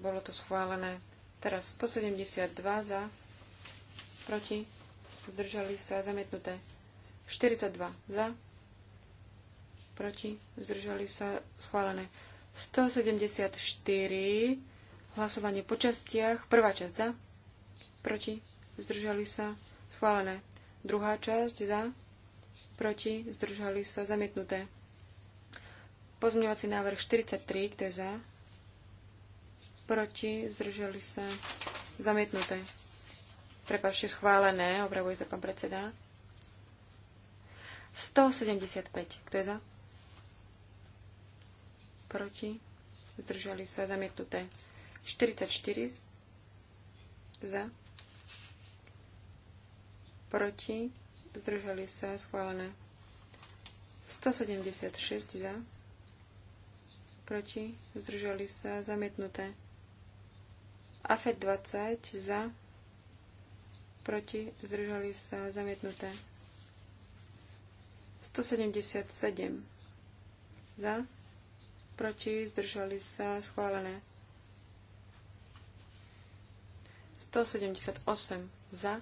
Bolo to schválené. Teraz 172 za, proti, zdržali sa, zamietnuté. 42 za, proti, zdržali sa, schválené. 174, hlasovanie po častiach, prvá časť za, proti, zdržali sa, schválené. Druhá časť za, proti, zdržali sa, zamietnuté. Pozmňovací návrh 43, kto je za, proti, zdržali sa, zamietnuté. Prepašte, schválené, opravuje sa pán predseda. 175, kto je za? proti, zdržali sa zamietnuté. 44 za, proti, zdržali sa schválené. 176 za, proti, zdržali sa zamietnuté. AFED 20 za, proti, zdržali sa zamietnuté. 177 za, proti, zdržali sa, schválené. 178 za,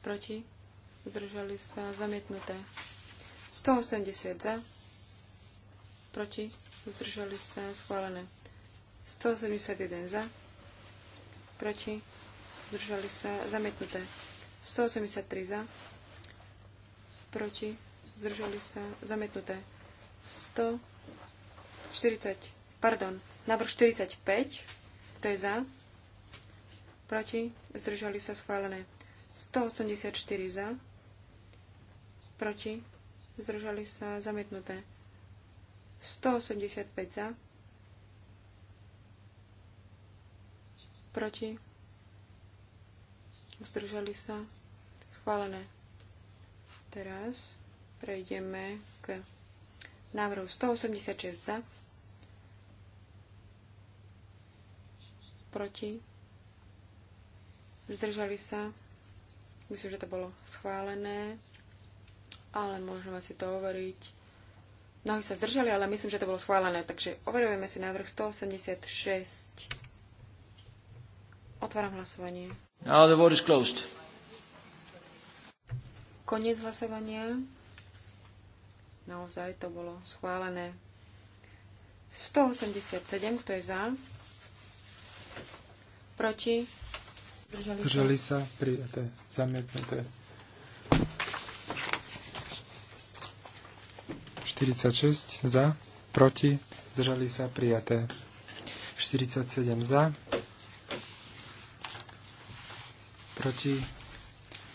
proti, zdržali sa, zamietnuté. 180 za, proti, zdržali sa, schválené. 171 za, proti, zdržali sa, zamietnuté. 183 za, proti, zdržali sa, zamietnuté. 140, pardon, návrh 45, to je za, proti, zdržali sa schválené. 184 za, proti, zdržali sa zamietnuté. 185 za, proti, zdržali sa schválené. Teraz prejdeme k návrhu 186 za, proti, zdržali sa. Myslím, že to bolo schválené, ale môžeme si to overiť. Mnohí sa zdržali, ale myslím, že to bolo schválené, takže overujeme si návrh 186. Otváram hlasovanie.
Now the vote is closed.
Koniec hlasovania. Naozaj to bolo schválené. 187, kto je za? Proti? Držali, Držali sa?
sa prijaté, zamietnuté. 46 za, proti, zdržali sa prijaté. 47 za, proti,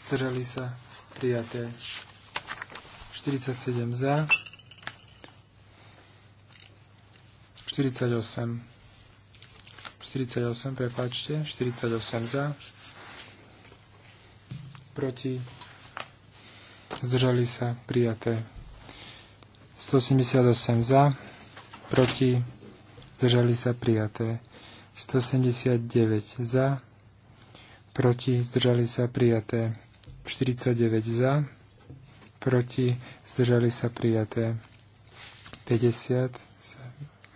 zdržali sa prijaté. 47 za, 48, 48, prepáčte, 48 za, proti, zdržali sa, prijaté. 188 za, proti, zdržali sa, prijaté. 179 za, proti, zdržali sa, prijaté. 49 za, proti, zdržali sa prijaté. 50 sa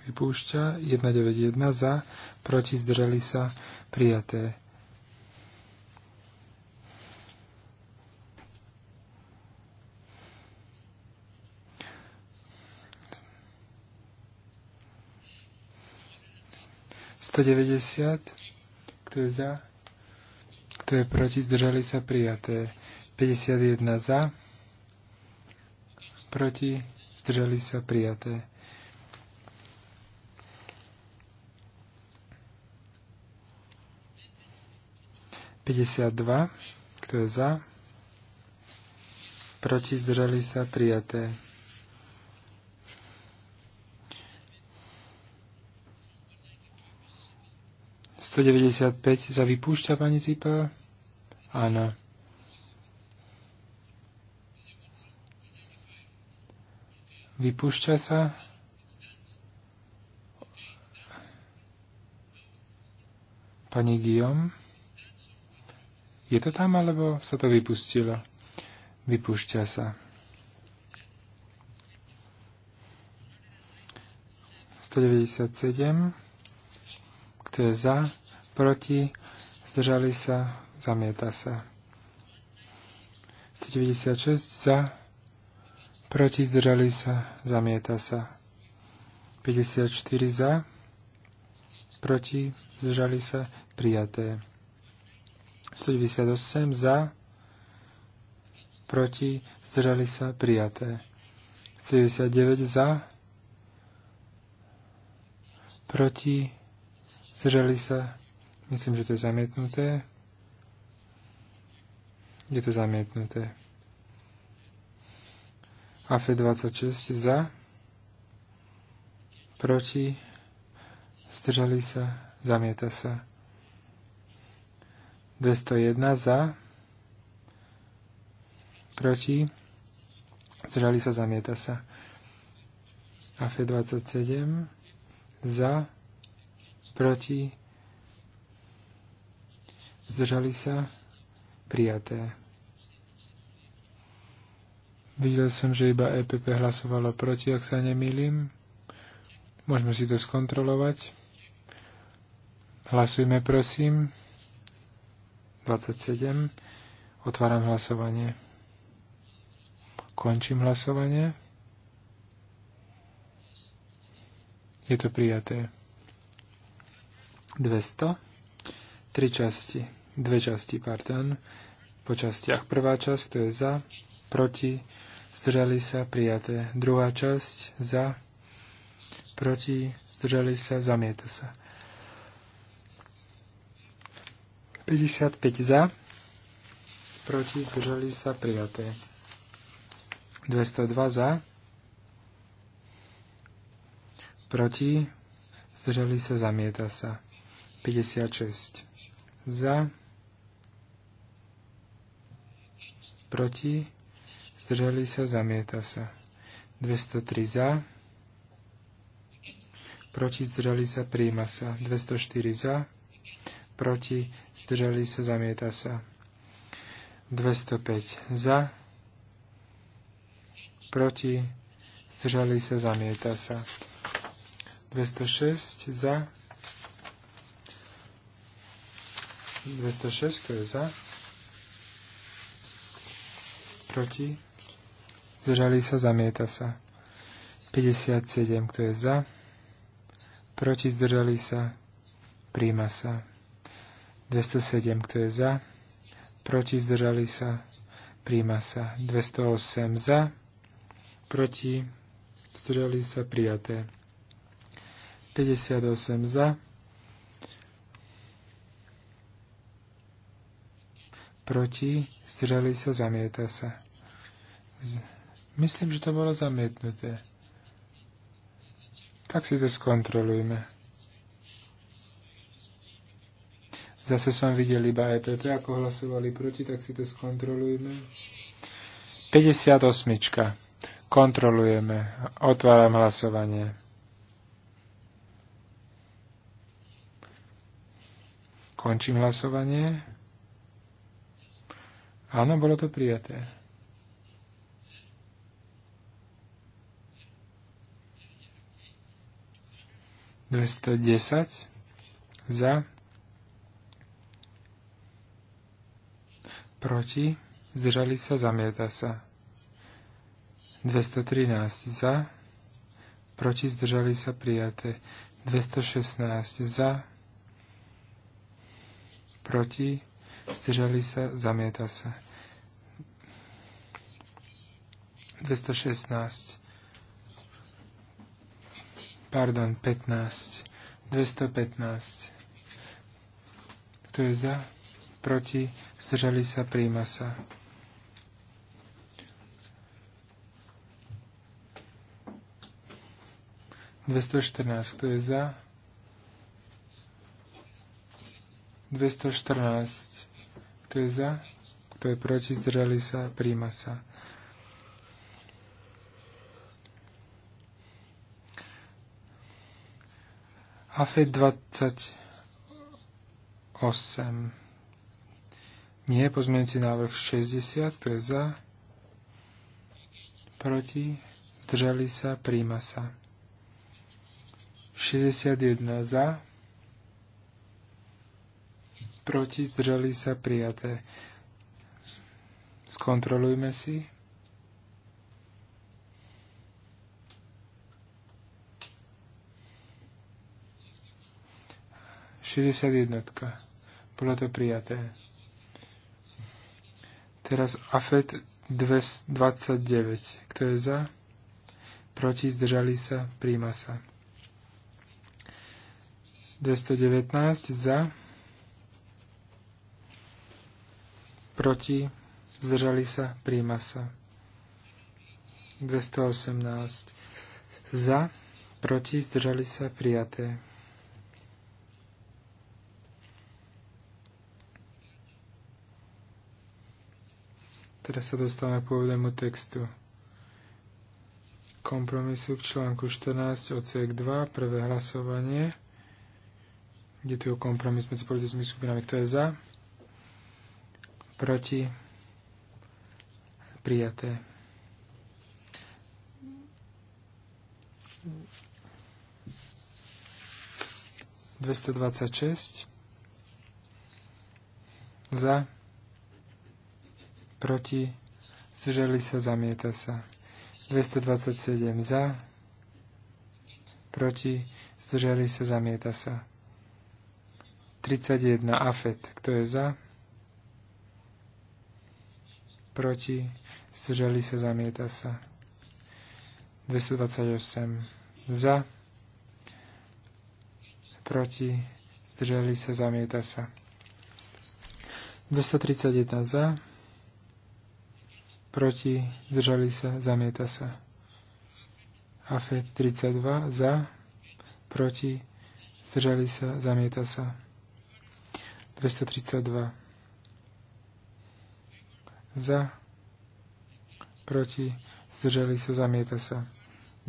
vypúšťa, 191 za, proti, zdržali sa prijaté. kto je za, kto je proti, zdržali sa prijaté. 51 za, proti, zdržali sa prijaté. Päťdesiat dva, kto je za, proti, zdržali sa prijaté. Sto deväťdesiat pět za vypúšťa pani Cipel? Áno. Vypúšťa sa. Pani Guillaume. Je to tam, alebo sa to vypustilo? Vypúšťa sa. Kto je za? Proti? Zdržali sa? Zamieta sa. 196 za, proti, zdržali sa, zamieta sa. 54 za, proti, zdržali sa, prijaté. 198 za, proti, zdržali sa, prijaté. 199 za, proti, zdržali sa, myslím, že to je zamietnuté. Je to zamietnuté. AFE 26 za, proti, zdržali sa, zamieta sa. 201 za, proti, zdržali sa, zamieta sa. AFE 27 za, proti, zdržali sa, prijaté. Videl som, že iba EPP hlasovalo proti, ak sa nemýlim. Môžeme si to skontrolovať. Hlasujme, prosím. 27. Otváram hlasovanie. Končím hlasovanie. Je to prijaté. 200. Tri časti. Dve časti, pardon po častiach. Prvá časť to je za, proti, zdržali sa, prijaté. Druhá časť za, proti, zdržali sa, zamieta sa. 55 za, proti, zdržali sa, prijaté. 202 za, proti, zdržali sa, zamieta sa. 56 za, proti, zdržali sa, zamieta sa. 203 za, proti, zdržali sa, príjma sa. 204 za, proti, zdržali sa, zamieta sa. 205 za, proti, zdržali sa, zamieta sa. 206 za, 206, kto je za, proti, zdržali sa, zamieta sa. 57, kto je za, proti, zdržali sa, príjma sa. 207, kto je za, proti, zdržali sa, príjma sa. 208 za, proti, zdržali sa, prijaté. 58 za, proti, zdržali sa, zamieta sa. Myslím, že to bolo zamietnuté. Tak si to skontrolujme. Zase som videl iba EPP, ako hlasovali proti, tak si to skontrolujme. 58. Kontrolujeme. Otváram hlasovanie. Končím hlasovanie. Áno, bolo to prijaté. 210 za, proti, zdržali sa, zamieta sa. 213 za, proti, zdržali sa, prijaté. 216 za, proti, zdržali sa, zamieta sa. 216 pardon, 15, 215. Kto je za? Proti? Zdržali sa? Príjma sa. Dvesto štrnáct. Kto je za? Dvesto štrnáct. Kto je za? Kto je proti? Zdržali sa? Príjma sa. AFE 28. Nie, pozmeňujúci návrh 60, to je za. Proti. Zdržali sa, príjma sa. 61 za. Proti, zdržali sa, prijaté. Skontrolujme si. 61. Bolo to prijaté. Teraz AFET 229. Kto je za? Proti zdržali sa, príjma sa. 219 za. Proti zdržali sa, príjma sa. 218 za. Proti zdržali sa, prijaté. Teraz sa dostávame k pôvodnému textu kompromisu k článku 14 odsek 2, prvé hlasovanie. Ide tu o kompromis medzi politickými skupinami. Kto je za? Proti? Prijaté. Dvestodvadsaťšesť. Za proti, zdržali sa, zamieta sa. 227 za, proti, zdržali sa, zamieta sa. 31 afet, kto je za, proti, zželi sa, zamieta sa. 228 za, proti, zdržali sa, zamieta sa. 231 za, proti, zdržali sa, zamieta sa. Afe 32 za, proti, zdržali sa, zamieta sa. 232 za, proti, zdržali sa, zamieta sa.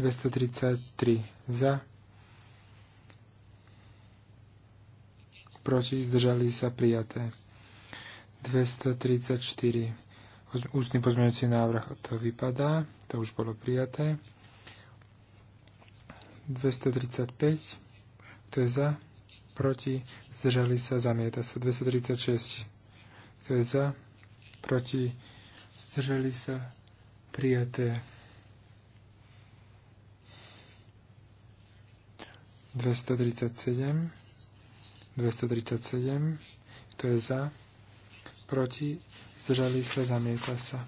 233 za, proti, zdržali sa, prijaté. 234 ústny pozmeňujúci návrh to vypadá, to už bolo prijaté. 235, kto je za, proti, zdržali sa, zamieta sa. 236, kto je za, proti, zdržali sa, prijaté. 237, 237, kto je za, proti, zdržali sa, zamietla sa.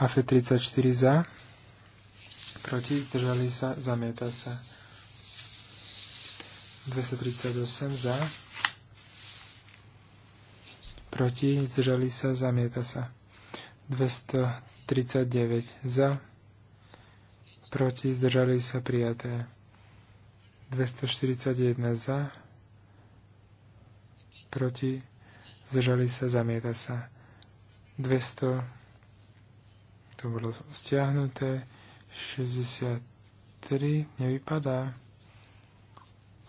AFE 34 za, proti, zdržali sa, zamieta sa. 238 za, proti, zdržali sa, zamieta sa. 239 za, proti, zdržali sa, prijaté. 241 za, proti, zdržali sa, zamieta sa. 200, to bolo stiahnuté, 63 nevypadá.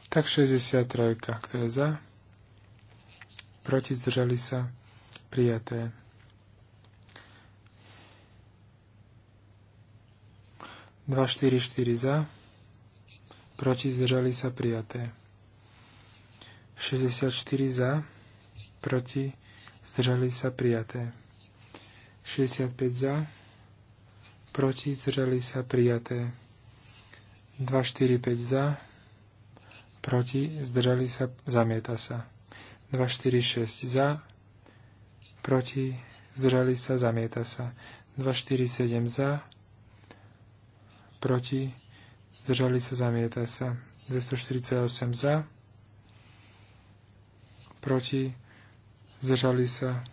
Tak 63, kto je za? Proti zdržali sa, prijaté. Dva, štyri, štyri za. Proti zdržali sa prijaté. 64 za proti, zdržali sa prijaté. 65 za, proti, zdržali sa prijaté. 245 za, proti, zdržali sa, zamieta sa. 246 za, proti, zdržali sa, zamieta sa. 247 za, proti, zdržali sa, zamieta sa. 248 za, proti, zdržali sa,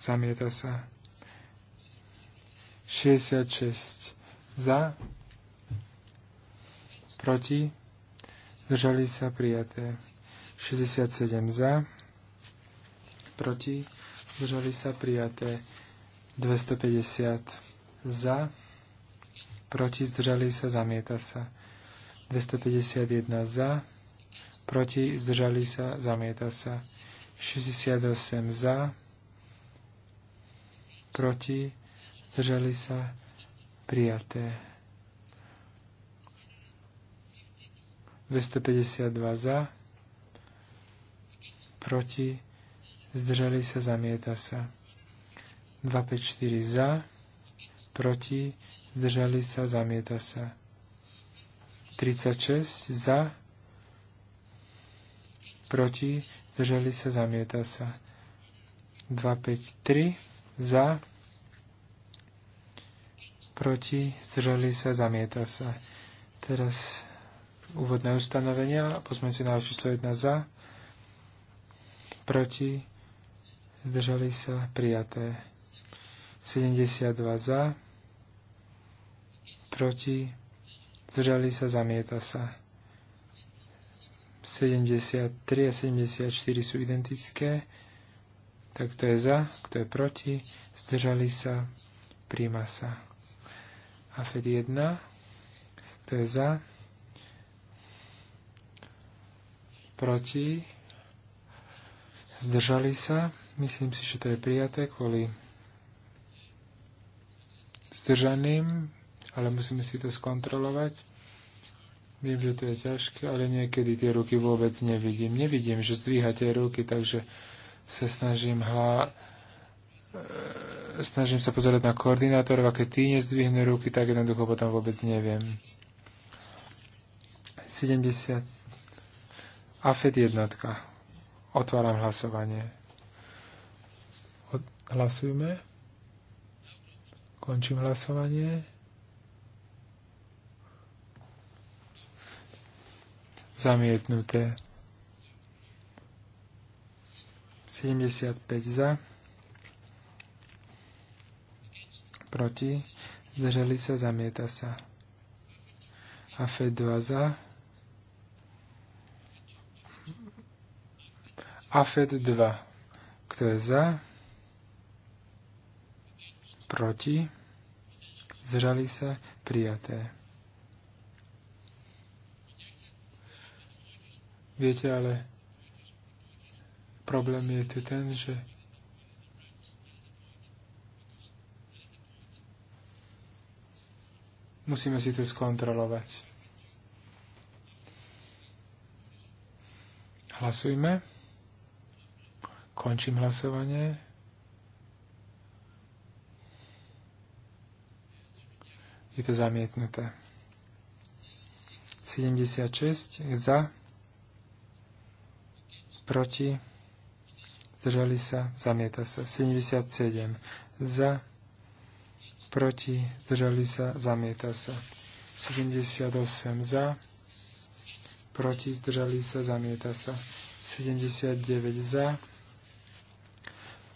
zamieta sa. 66 za, proti, zdržali sa, prijaté. 67 za, proti, zržali sa, prijaté. 250 za, proti, zdržali sa, zamieta sa. 251 za, proti, zdržali sa, zamieta sa. 68 za, proti, zdržali sa, prijaté. 252 za, proti, zdržali sa, zamieta sa. 254 za, proti, zdržali sa, zamieta sa. 36 za, proti, zdržali sa, zamieta sa. 253 za, proti, zdržali sa, zamieta sa. Teraz úvodné ustanovenia, si na číslo 1 za, proti, zdržali sa, prijaté. 72 za, proti, zdržali sa, zamieta sa. 73 a 74 sú identické. Tak kto je za, kto je proti, zdržali sa, príjma sa. A FED 1, kto je za, proti, zdržali sa. Myslím si, že to je prijaté kvôli zdržaným, ale musíme si to skontrolovať. Viem, že to je ťažké, ale niekedy tie ruky vôbec nevidím. Nevidím, že zdvíhate ruky, takže sa snažím hľa... E, snažím sa pozerať na koordinátorov a keď tí nezdvihne ruky, tak jednoducho potom vôbec neviem. 70. AFED jednotka. Otváram hlasovanie. Od... Hlasujeme. Končím hlasovanie. zamietnuté. 75 za, proti, zdržali sa, zamieta sa. A f 2 za, AFED 2. Kto je za? Proti? Zdržali sa? Prijaté. Viete, ale problém je tu ten, že musíme si to skontrolovať. Hlasujme. Končím hlasovanie. Je to zamietnuté. 76 za proti, zdržali sa, zamieta sa. 77 za, proti, zdržali sa, zamieta sa. 78 za, proti, zdržali sa, zamieta sa. 79 za,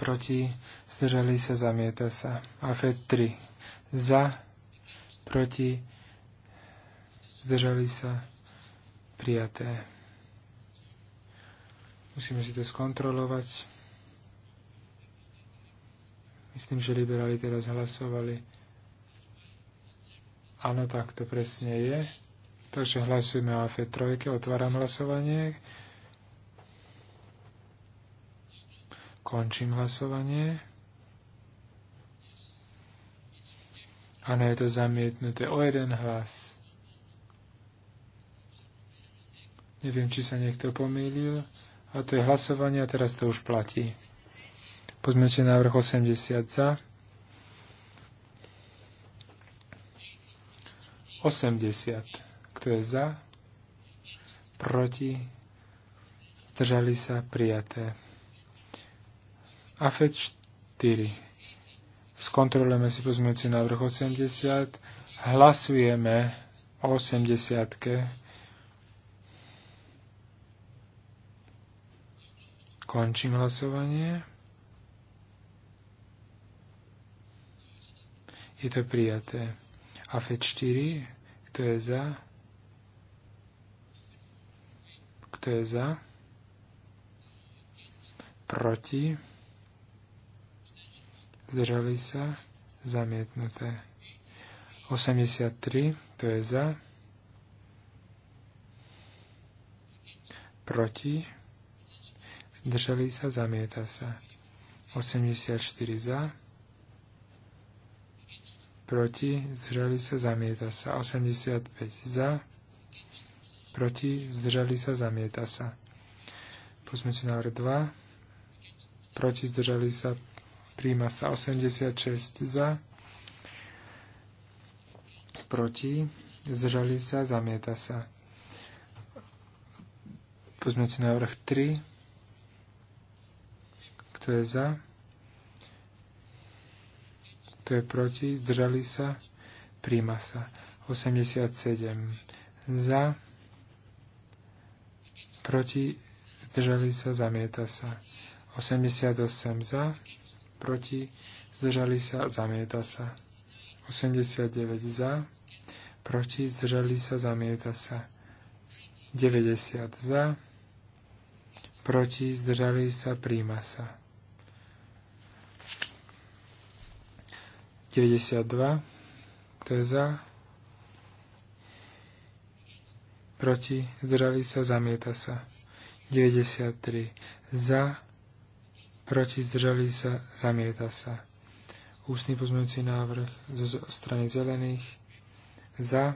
proti, zdržali sa, zamieta sa. AFED 3 za, proti, zdržali sa, prijaté. Musíme si to skontrolovať. Myslím, že liberáli teraz hlasovali. Áno, tak to presne je. Takže hlasujeme o AFE 3 Otváram hlasovanie. Končím hlasovanie. Áno, je to zamietnuté o jeden hlas. Neviem, či sa niekto pomýlil. A to je hlasovanie a teraz to už platí. si návrh 80 za. 80. Kto je za? Proti? Zdržali sa? Prijaté. AFED 4. Skontrolujeme si pozmeňujúci návrh 80. Hlasujeme o 80. -ke. Končím hlasovanie. Je to prijaté. A FED 4, kto je za? Kto je za? Proti? Zdržali sa? Zamietnuté. 83, to je za? Proti? zdržali sa, zamieta sa. 84 za, proti, zdržali sa, zamieta sa. 85 za, proti, zdržali sa, zamieta sa. Pozme si návrh 2, proti, zdržali sa, príjma sa 86 za, proti, zdržali sa, zamieta sa. Pozme si návrh 3, to je za? Kto je proti? Zdržali sa? Príjma sa. 87. Za? Proti? Zdržali sa? Zamieta sa. 88 za, proti, zdržali sa, zamieta sa. 89 za, proti, zdržali sa, zamieta sa. 90 za, proti, zdržali sa, príjma sa. 92. Kto je za? Proti. Zdržali sa. Zamieta sa. 93. Za. Proti. Zdržali sa. Zamieta sa. Ústny pozmeňujúci návrh zo strany zelených. Za.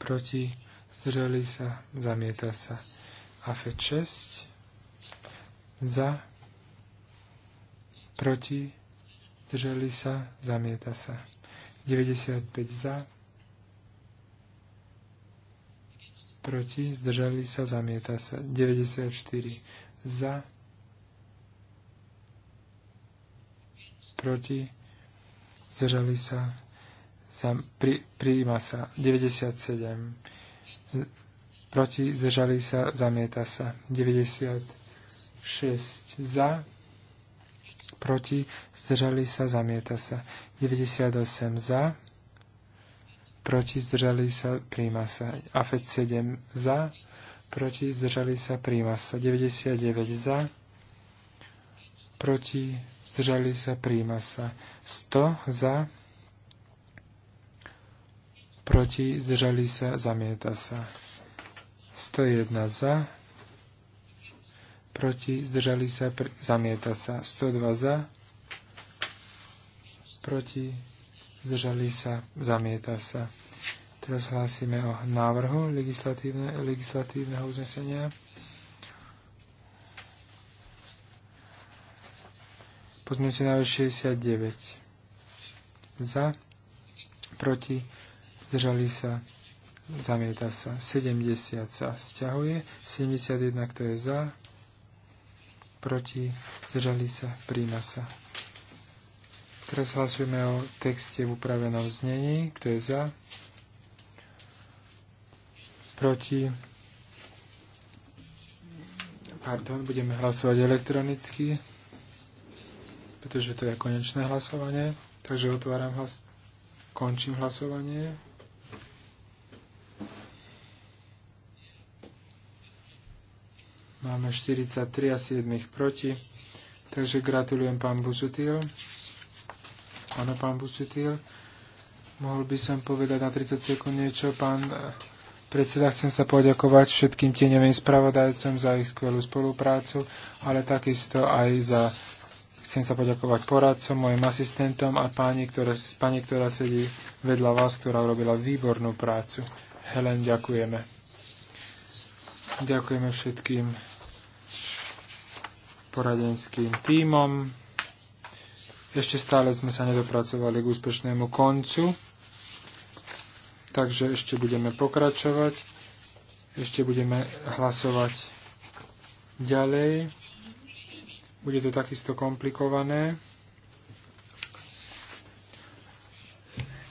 Proti. Zdržali sa. Zamieta sa. A 6. Za proti, zdržali sa, zamieta sa. 95 za, proti, zdržali sa, zamieta sa. 94 za, proti, zdržali sa, zam, pri, prijíma sa. 97 proti, zdržali sa, zamieta sa. 96 za, proti, zdržali sa, zamieta sa. 98 za, proti, zdržali sa, príjma sa. AFED 7 za, proti, zdržali sa, príjma sa. 99 za, proti, zdržali sa, príjma sa. 100 za, proti, zdržali sa, zamieta sa. 101 za, proti, zdržali sa, pr- zamieta sa. 102 za, proti, zdržali sa, zamieta sa. Teraz hlásime o návrhu legislatívne, legislatívneho uznesenia. Pozmeňujúci návrh 69. Za, proti, zdržali sa, zamieta sa. 70 sa stiahuje, 71 kto je za, proti, zdržali sa, príjma sa. Teraz hlasujeme o texte v upravenom znení. Kto je za? Proti? Pardon, budeme hlasovať elektronicky, pretože to je konečné hlasovanie. Takže otváram hlas... Končím hlasovanie. Máme 43 a 7 proti. Takže gratulujem pán Busutil. Áno, pán Busutil. Mohol by som povedať na 30 sekúnd niečo. Pán eh, predseda, chcem sa poďakovať všetkým tieňovým spravodajcom za ich skvelú spoluprácu, ale takisto aj za Chcem sa poďakovať poradcom, mojim asistentom a páni, ktoré, pani, ktorá sedí vedľa vás, ktorá robila výbornú prácu. Helen, ďakujeme. Ďakujeme všetkým poradenským tímom. Ešte stále sme sa nedopracovali k úspešnému koncu, takže ešte budeme pokračovať. Ešte budeme hlasovať ďalej. Bude to takisto komplikované.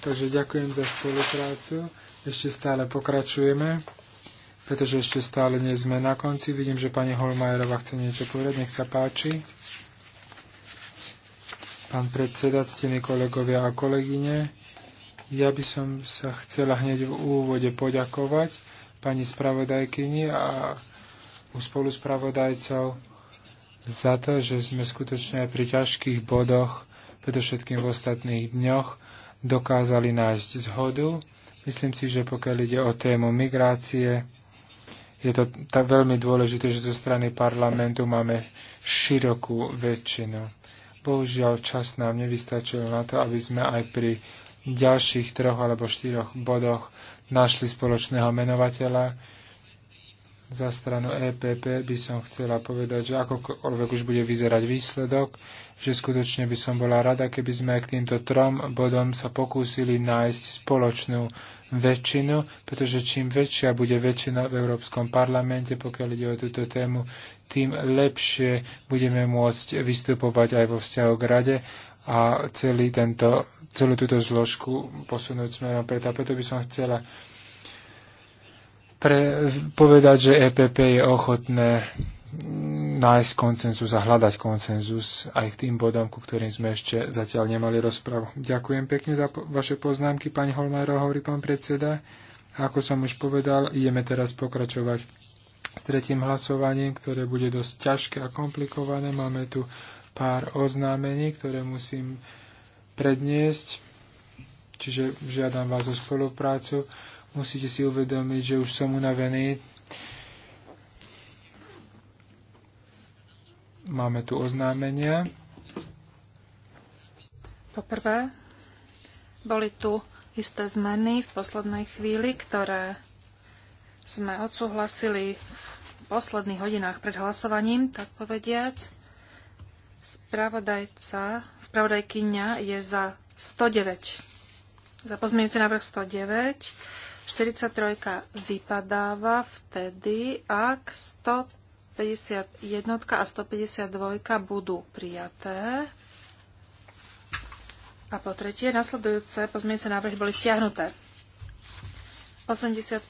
Takže ďakujem za spoluprácu. Ešte stále pokračujeme pretože ešte stále nie sme na konci. Vidím, že pani Holmajerová chce niečo povedať. Nech sa páči. Pán predseda, ctení kolegovia a kolegyne, ja by som sa chcela hneď v úvode poďakovať pani spravodajkyni a u spoluspravodajcov za to, že sme skutočne pri ťažkých bodoch, predovšetkým v ostatných dňoch, dokázali nájsť zhodu. Myslím si, že pokiaľ ide o tému migrácie, je to tak veľmi dôležité, že zo strany parlamentu máme širokú väčšinu. Bohužiaľ, čas nám nevystačil na to, aby sme aj pri ďalších troch alebo štyroch bodoch našli spoločného menovateľa, za stranu EPP by som chcela povedať, že akokoľvek už bude vyzerať výsledok, že skutočne by som bola rada, keby sme k týmto trom bodom sa pokúsili nájsť spoločnú väčšinu, pretože čím väčšia bude väčšina v Európskom parlamente, pokiaľ ide o túto tému, tým lepšie budeme môcť vystupovať aj vo vzťahu k rade a celý tento, celú túto zložku posunúť smerom. Preto, preto by som chcela pre, povedať, že EPP je ochotné mm, nájsť koncenzus a hľadať koncenzus aj k tým bodom, ku ktorým sme ešte zatiaľ nemali rozpravu. Ďakujem pekne za po- vaše poznámky, pani Holmajro, hovorí pán predseda. A ako som už povedal, ideme teraz pokračovať s tretím hlasovaním, ktoré bude dosť ťažké a komplikované. Máme tu pár oznámení, ktoré musím predniesť, čiže žiadam vás o spoluprácu. Musíte si uvedomiť, že už som unavený. Máme tu oznámenia.
Poprvé, boli tu isté zmeny v poslednej chvíli, ktoré sme odsúhlasili v posledných hodinách pred hlasovaním, tak povediac. Spravodajca, spravodajkyňa je za 109. Za pozmeňujúci návrh 109 43 vypadáva vtedy, ak 151 a 152 budú prijaté. A po tretie, nasledujúce pozmienujúce návrhy boli stiahnuté. 85,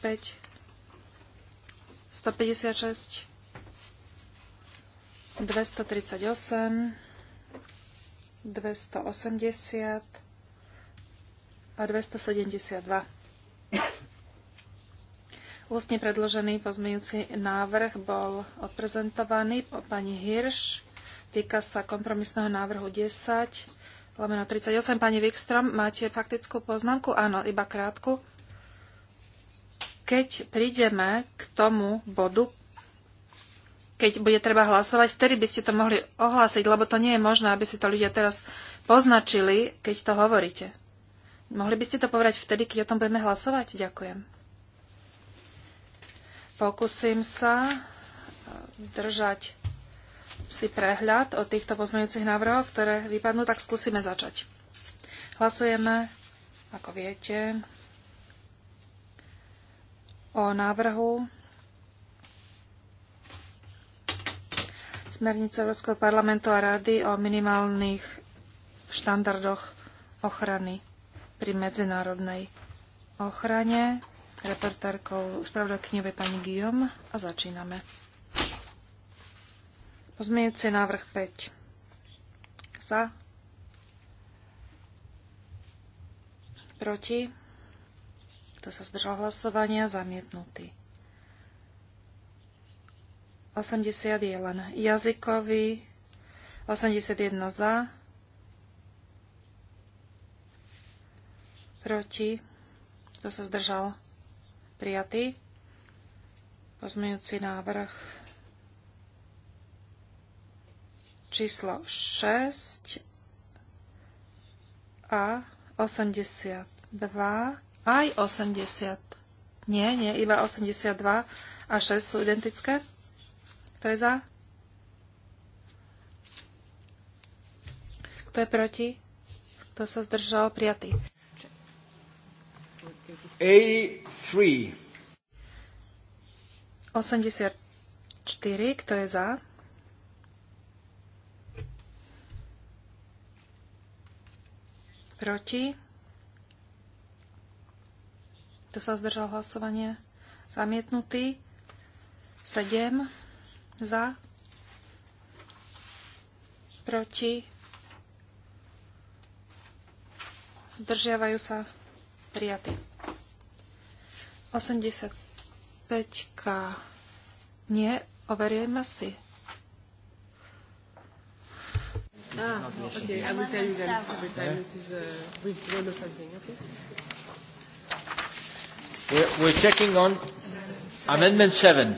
156, 238, 280 a 272. Ústne predložený pozmejúci návrh bol odprezentovaný po pani Hirš. Týka sa kompromisného návrhu 10, lomeno 38. Pani Wikstrom, máte faktickú poznámku? Áno, iba krátku. Keď prídeme k tomu bodu, keď bude treba hlasovať, vtedy by ste to mohli ohlásiť, lebo to nie je možné, aby si to ľudia teraz poznačili, keď to hovoríte. Mohli by ste to povedať vtedy, keď o tom budeme hlasovať? Ďakujem. Pokúsim sa eh, držať si prehľad o týchto pozmeňujúcich návrhoch, ktoré vypadnú, tak skúsime začať. Hlasujeme, ako viete, o návrhu smernice Európskeho parlamentu a rady o minimálnych štandardoch ochrany pri medzinárodnej ochrane reportárkou spravodajkyňovej pani Guillaume a začíname. Pozmejúci návrh 5. Za. Proti. Kto sa zdržal hlasovania? Zamietnutý. 81 je jazykový. 81 za. Proti. Kto sa zdržal? prijatý. Pozmejúci návrh číslo 6 a 82 aj 80. Nie, nie, iba 82 a 6 sú identické. Kto je za? Kto je proti? Kto sa zdržal? Prijatý.
84,
kto je za? Proti? Kto sa zdržal hlasovanie? Zamietnutý? 7 za? Proti? Zdržiavajú sa? Prijatý. 85. k Nie, overujeme si.
Ah, uh,
we're checking on amendment 7.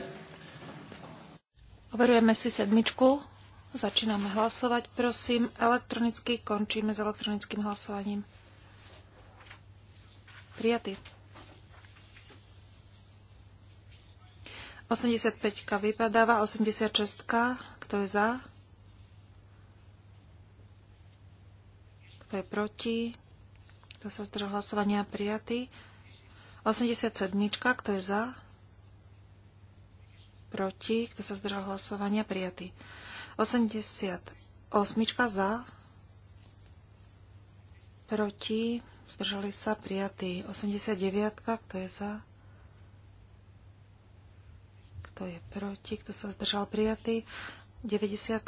Overujeme si sedmičku. Začíname hlasovať, prosím. Elektronicky končíme s elektronickým hlasovaním. Prijatý. 85 vypadáva, 86 kto je za? Kto je proti? Kto sa zdržal hlasovania prijatý? 87 kto je za? Proti? Kto sa zdržal hlasovania prijatý? 88 za? Proti? Zdržali sa prijatý. 89 kto je za? kto je proti, kto sa zdržal prijatý. 90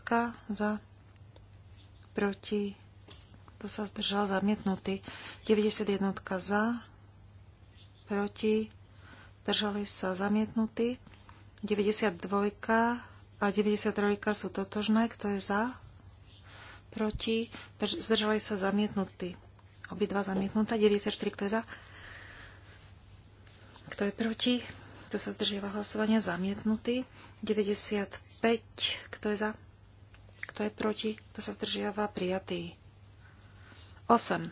za, proti, kto sa zdržal zamietnutý. 91 za, proti, zdržali sa zamietnutí. 92 a 93 sú totožné, kto je za, proti, zdržali sa zamietnutí. Obidva zamietnuté, 94 kto je za, kto je proti, kto sa zdržiava hlasovania? Zamietnutý. 95. Kto je za? Kto je proti? Kto sa zdržiava? Prijatý. 8.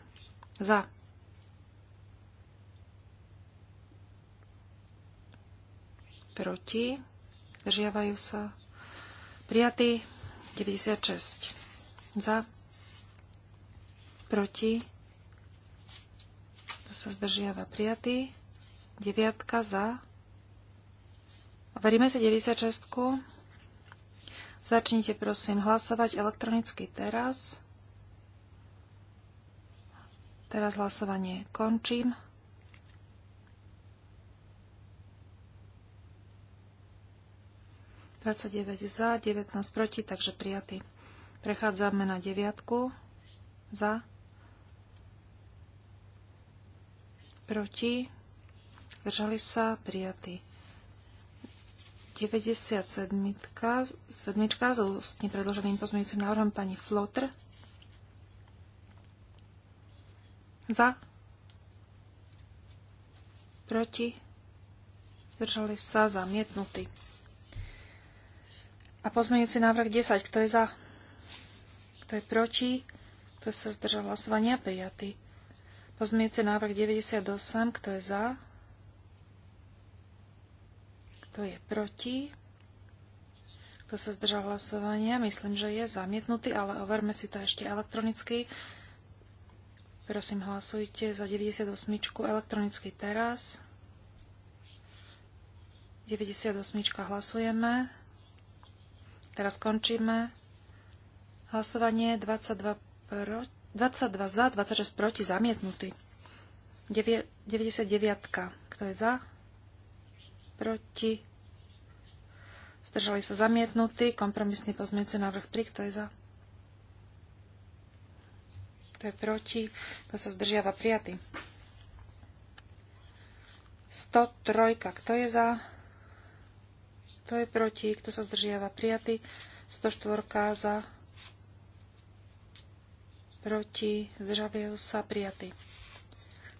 Za. Proti. Zdržiavajú sa. Prijatý. 96. Za. Proti. To sa zdržiava. Prijatý. 9. Za Veríme si 96. Začnite prosím hlasovať elektronicky teraz. Teraz hlasovanie končím. 29 za, 19 proti, takže prijatý. Prechádzame na deviatku. Za. Proti. Zdržali sa, prijatý. 97 s ústne predloženým pozmeňujúcim návrhom pani Flotr. Za. Proti. Zdržali sa zamietnutí. A pozmeňujúci návrh 10. Kto je za? Kto je proti? Kto sa zdržal hlasovania? Prijatý. Pozmeňujúci návrh 98. Kto je za? Kto je proti? Kto sa zdržal hlasovania? Myslím, že je zamietnutý, ale overme si to ešte elektronicky. Prosím, hlasujte za 98 elektronicky teraz. 98 hlasujeme. Teraz končíme. Hlasovanie 22, pro, 22 za, 26 proti, zamietnutý. 99. Kto je za? proti, zdržali sa zamietnutí, kompromisný pozmeňujúci návrh 3, kto je za, kto je proti, kto sa zdržiava prijatý. 103, kto je za, kto je proti, kto sa zdržiava prijatý, 104 za, proti, zdržavajú sa prijatý.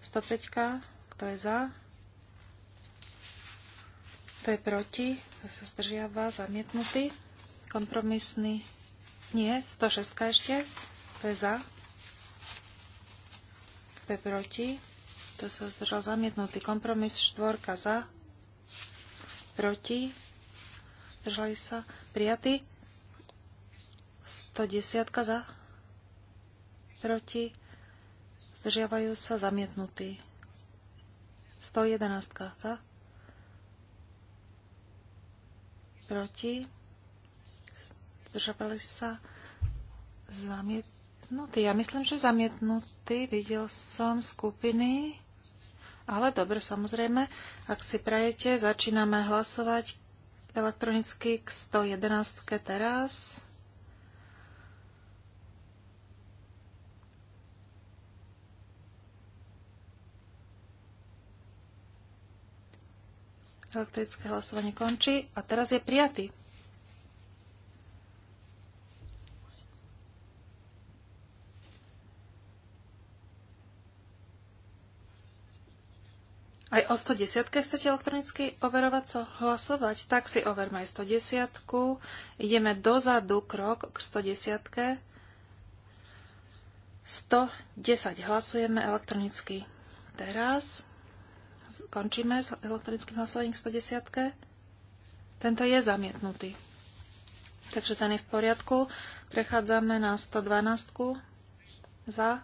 105, kto je za, kto je proti? Kto sa zdržiava? Zamietnutý. Kompromisný. Nie. 106 ešte. Kto je za? Kto je proti? Kto sa zdržal? Zamietnutý. Kompromis. Štvorka za. Proti. Zdržali sa. Prijatý. 110 za. Proti. Zdržiavajú sa. Zamietnutý. 111 za proti, zdržovali sa zamietnutí. Ja myslím, že zamietnutí. Videl som skupiny, ale dobre, samozrejme, ak si prajete, začíname hlasovať elektronicky k 111 teraz. Elektrické hlasovanie končí a teraz je prijatý. Aj o 110 chcete elektronicky overovať, co hlasovať? Tak si overme aj 110. -ku. Ideme dozadu krok k 110. -ke. 110 hlasujeme elektronicky. Teraz Končíme s elektronickým hlasovaním k 110. Tento je zamietnutý. Takže ten je v poriadku. Prechádzame na 112. Za.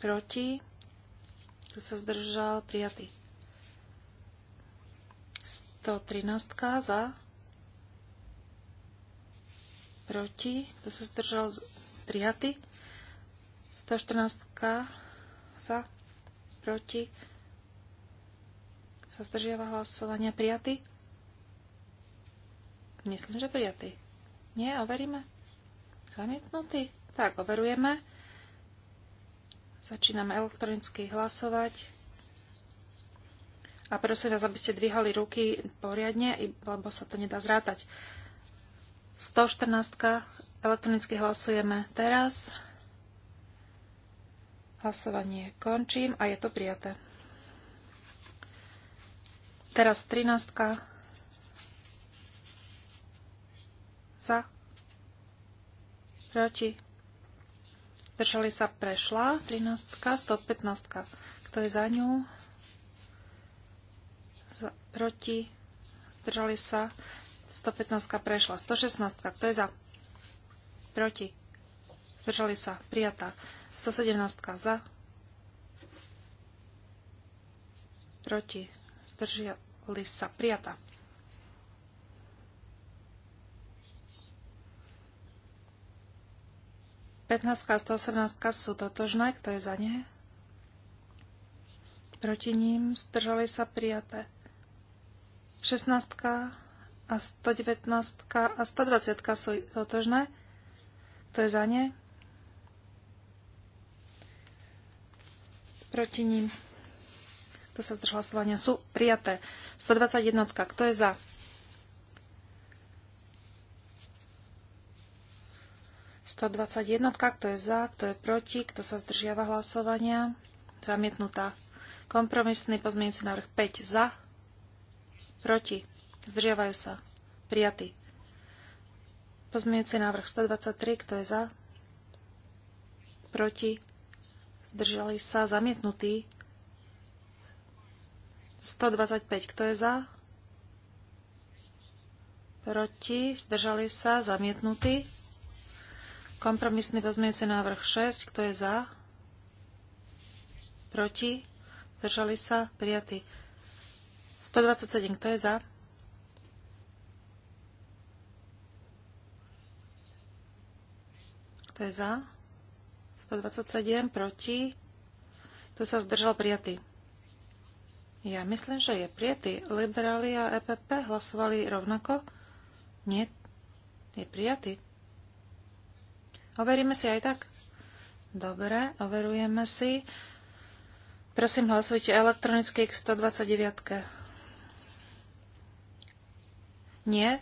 Proti. Tu sa zdržal. Prijatý. 113. Za. Proti. Tu sa zdržal. Prijatý. 114 za, proti, sa zdržiava hlasovania prijatý? Myslím, že prijatý. Nie, overíme. Zamietnutý? Tak, overujeme. Začíname elektronicky hlasovať. A prosím vás, aby ste dvíhali ruky poriadne, lebo sa to nedá zrátať. 114. Elektronicky hlasujeme teraz. Hlasovanie končím a je to prijaté. Teraz 13. Za. Proti. Držali sa prešla. 13. 115. Kto je za ňu? Za, proti. Zdržali sa. 115 prešla. 116. Kto je za? Proti. Zdržali sa. Prijatá. 117 za. Proti. Zdržali sa. Prijata. Petnáctka a 118 sú totožné. Kto je za ne? Proti ním zdržali sa prijaté. 16 a 119 a 120 sú totožné. Kto je za ne? proti ním, kto sa zdržal hlasovania, sú prijaté. 121. Kto je za? 121. Kto je za? Kto je proti? Kto sa zdržiava hlasovania? Zamietnutá. Kompromisný pozmienujúci návrh 5 za, proti, zdržiavajú sa, prijatý. Pozmienujúci návrh 123, kto je za, proti, zdržali sa, zamietnutí. 125, kto je za? Proti, zdržali sa, zamietnutí. Kompromisný pozmeňujúci návrh 6, kto je za? Proti, zdržali sa, prijatý. 127, kto je za? Kto je za? 127 proti. Tu sa zdržal prijatý. Ja myslím, že je prijatý. Liberáli a EPP hlasovali rovnako? Nie. Je prijatý. Overíme si aj tak. Dobre, overujeme si. Prosím, hlasujte elektronicky k 129. Nie.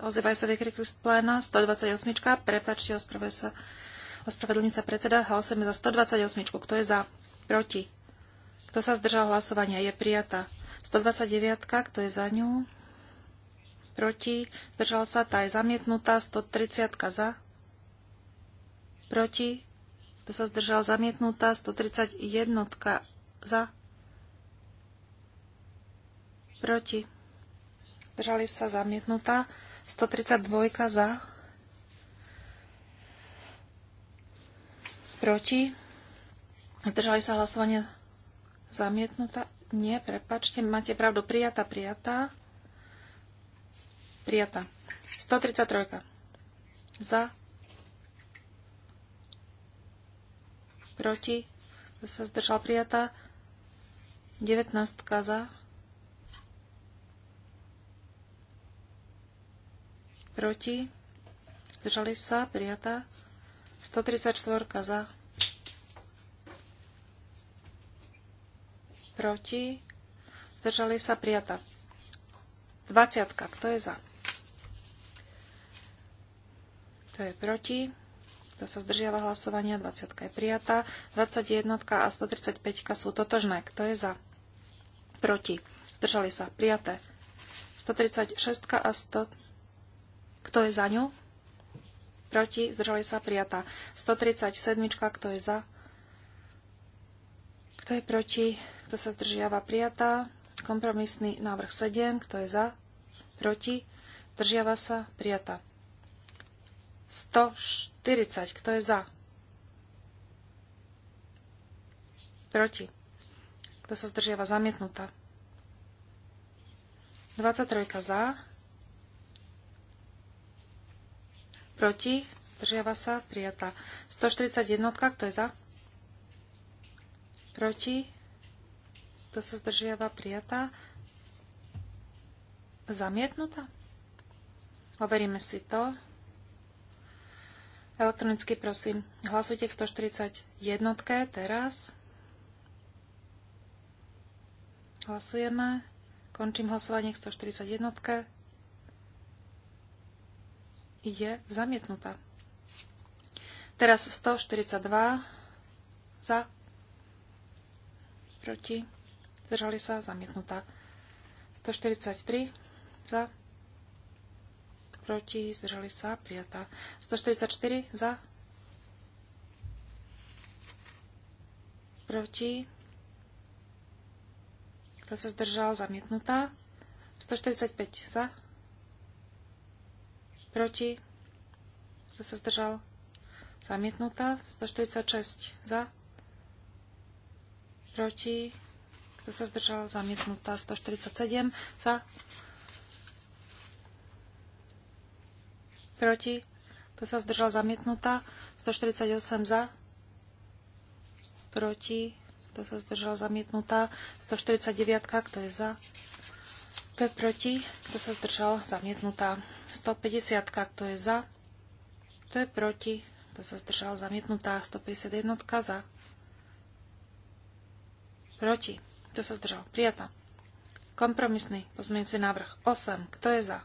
Ozývaj sa vykrikli z pléna. 128. Prepačte, ospravedlňujem sa Ospravedlní sa predseda. Hlasujeme za 128. Kto je za? Proti. Kto sa zdržal hlasovania? Je prijatá. 129. Kto je za ňu? Proti. Zdržal sa. Tá je zamietnutá. 130. Za. Proti. Kto sa zdržal? Zamietnutá. 131. Za. Proti. Zdržali sa. Zamietnutá. 132 za. Proti? Zdržali sa hlasovania zamietnutá? Nie, prepačte, máte pravdu. Prijatá, prijatá. Prijatá. 133. Za. Proti. sa zdržal prijatá? 19. Za. Proti. Zdržali sa prijatá. 134 za. Proti. Zdržali sa prijata. 20. Kto je za? Kto je proti? Kto sa zdržiava hlasovania? 20. je prijatá. 21. a 135. sú totožné. Kto je za? Proti. Zdržali sa. Prijaté. 136 a 100. Kto je za ňou? proti, zdržali sa prijatá. 137, kto je za, kto je proti, kto sa zdržiava prijatá. Kompromisný návrh 7, kto je za, proti, zdržiava sa prijatá. 140, kto je za, proti, kto sa zdržiava zamietnutá. 23 za, proti, zdržiava sa, prijatá. 141, kto je za? Proti, kto sa zdržiava, prijatá. Zamietnutá? Overíme si to. Elektronicky prosím, hlasujte k 141 teraz. Hlasujeme. Končím hlasovanie k 141 je zamietnutá. Teraz 142 za, proti, zdržali sa, zamietnutá. 143 za, proti, zdržali sa, prijatá. 144 za, proti, kto sa zdržal, zamietnutá. 145 za, proti, kto sa zdržal, zamietnutá, 146 za, proti, kto sa zdržal, zamietnutá, 147 za, proti, kto sa zdržal, zamietnutá, 148 za, proti, kto sa zdržal, zamietnutá, 149, kto je za, kto je proti, kto sa zdržal, zamietnutá. 150, kto je za, kto je proti, kto sa zdržal zamietnutá, 151 za, proti, kto sa zdržal prijatá. Kompromisný pozmeňujúci návrh 8, kto je za,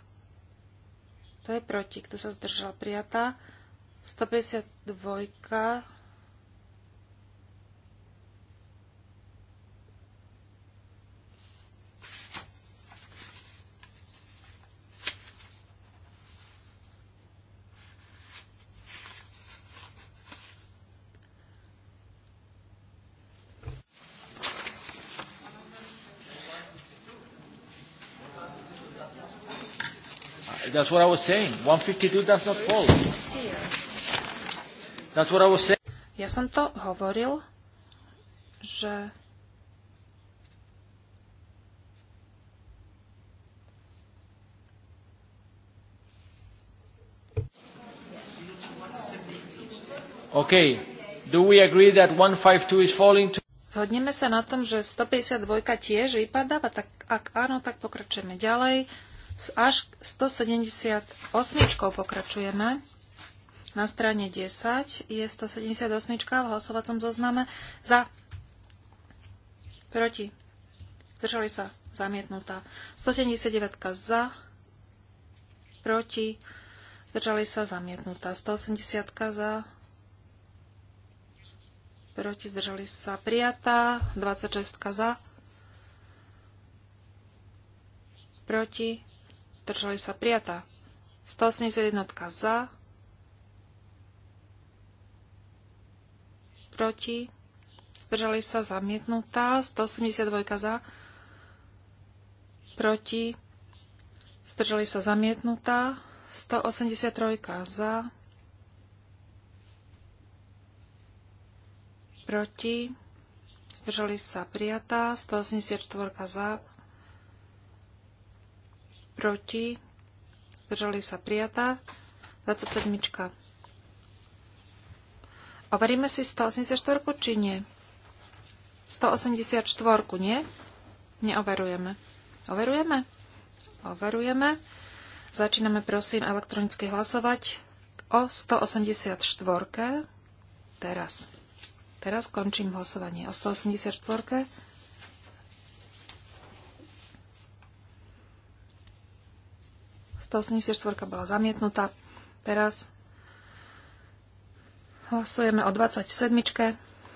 kto je proti, kto sa zdržal prijatá, 152
That's what I was saying. 152 does not fall.
That's what I was saying. Ja som to hovoril, že
Okay. Do we agree that 152 is
falling to... Zhodneme sa na tom, že 152 tiež vypadáva, tak ak áno, tak pokračujeme ďalej. S až 178 pokračujeme. Na strane 10 je 178 v hlasovacom zozname za, proti, zdržali sa, zamietnutá. 179 za, proti, zdržali sa, zamietnutá. 180 za, proti, zdržali sa, prijatá. 26 za, proti, Držali sa prijatá. 181 za. Proti. Zdržali sa zamietnutá. 182 za. Proti. Zdržali sa zamietnutá. 183 za. Proti. Zdržali sa prijatá. 184 za proti, zdržali sa prijatá. 27. Overíme si 184, či nie? 184, nie? Neoverujeme. Overujeme? Overujeme. Začíname prosím elektronicky hlasovať o 184. Teraz. Teraz končím hlasovanie o 184. 184 bola zamietnutá. Teraz hlasujeme o 27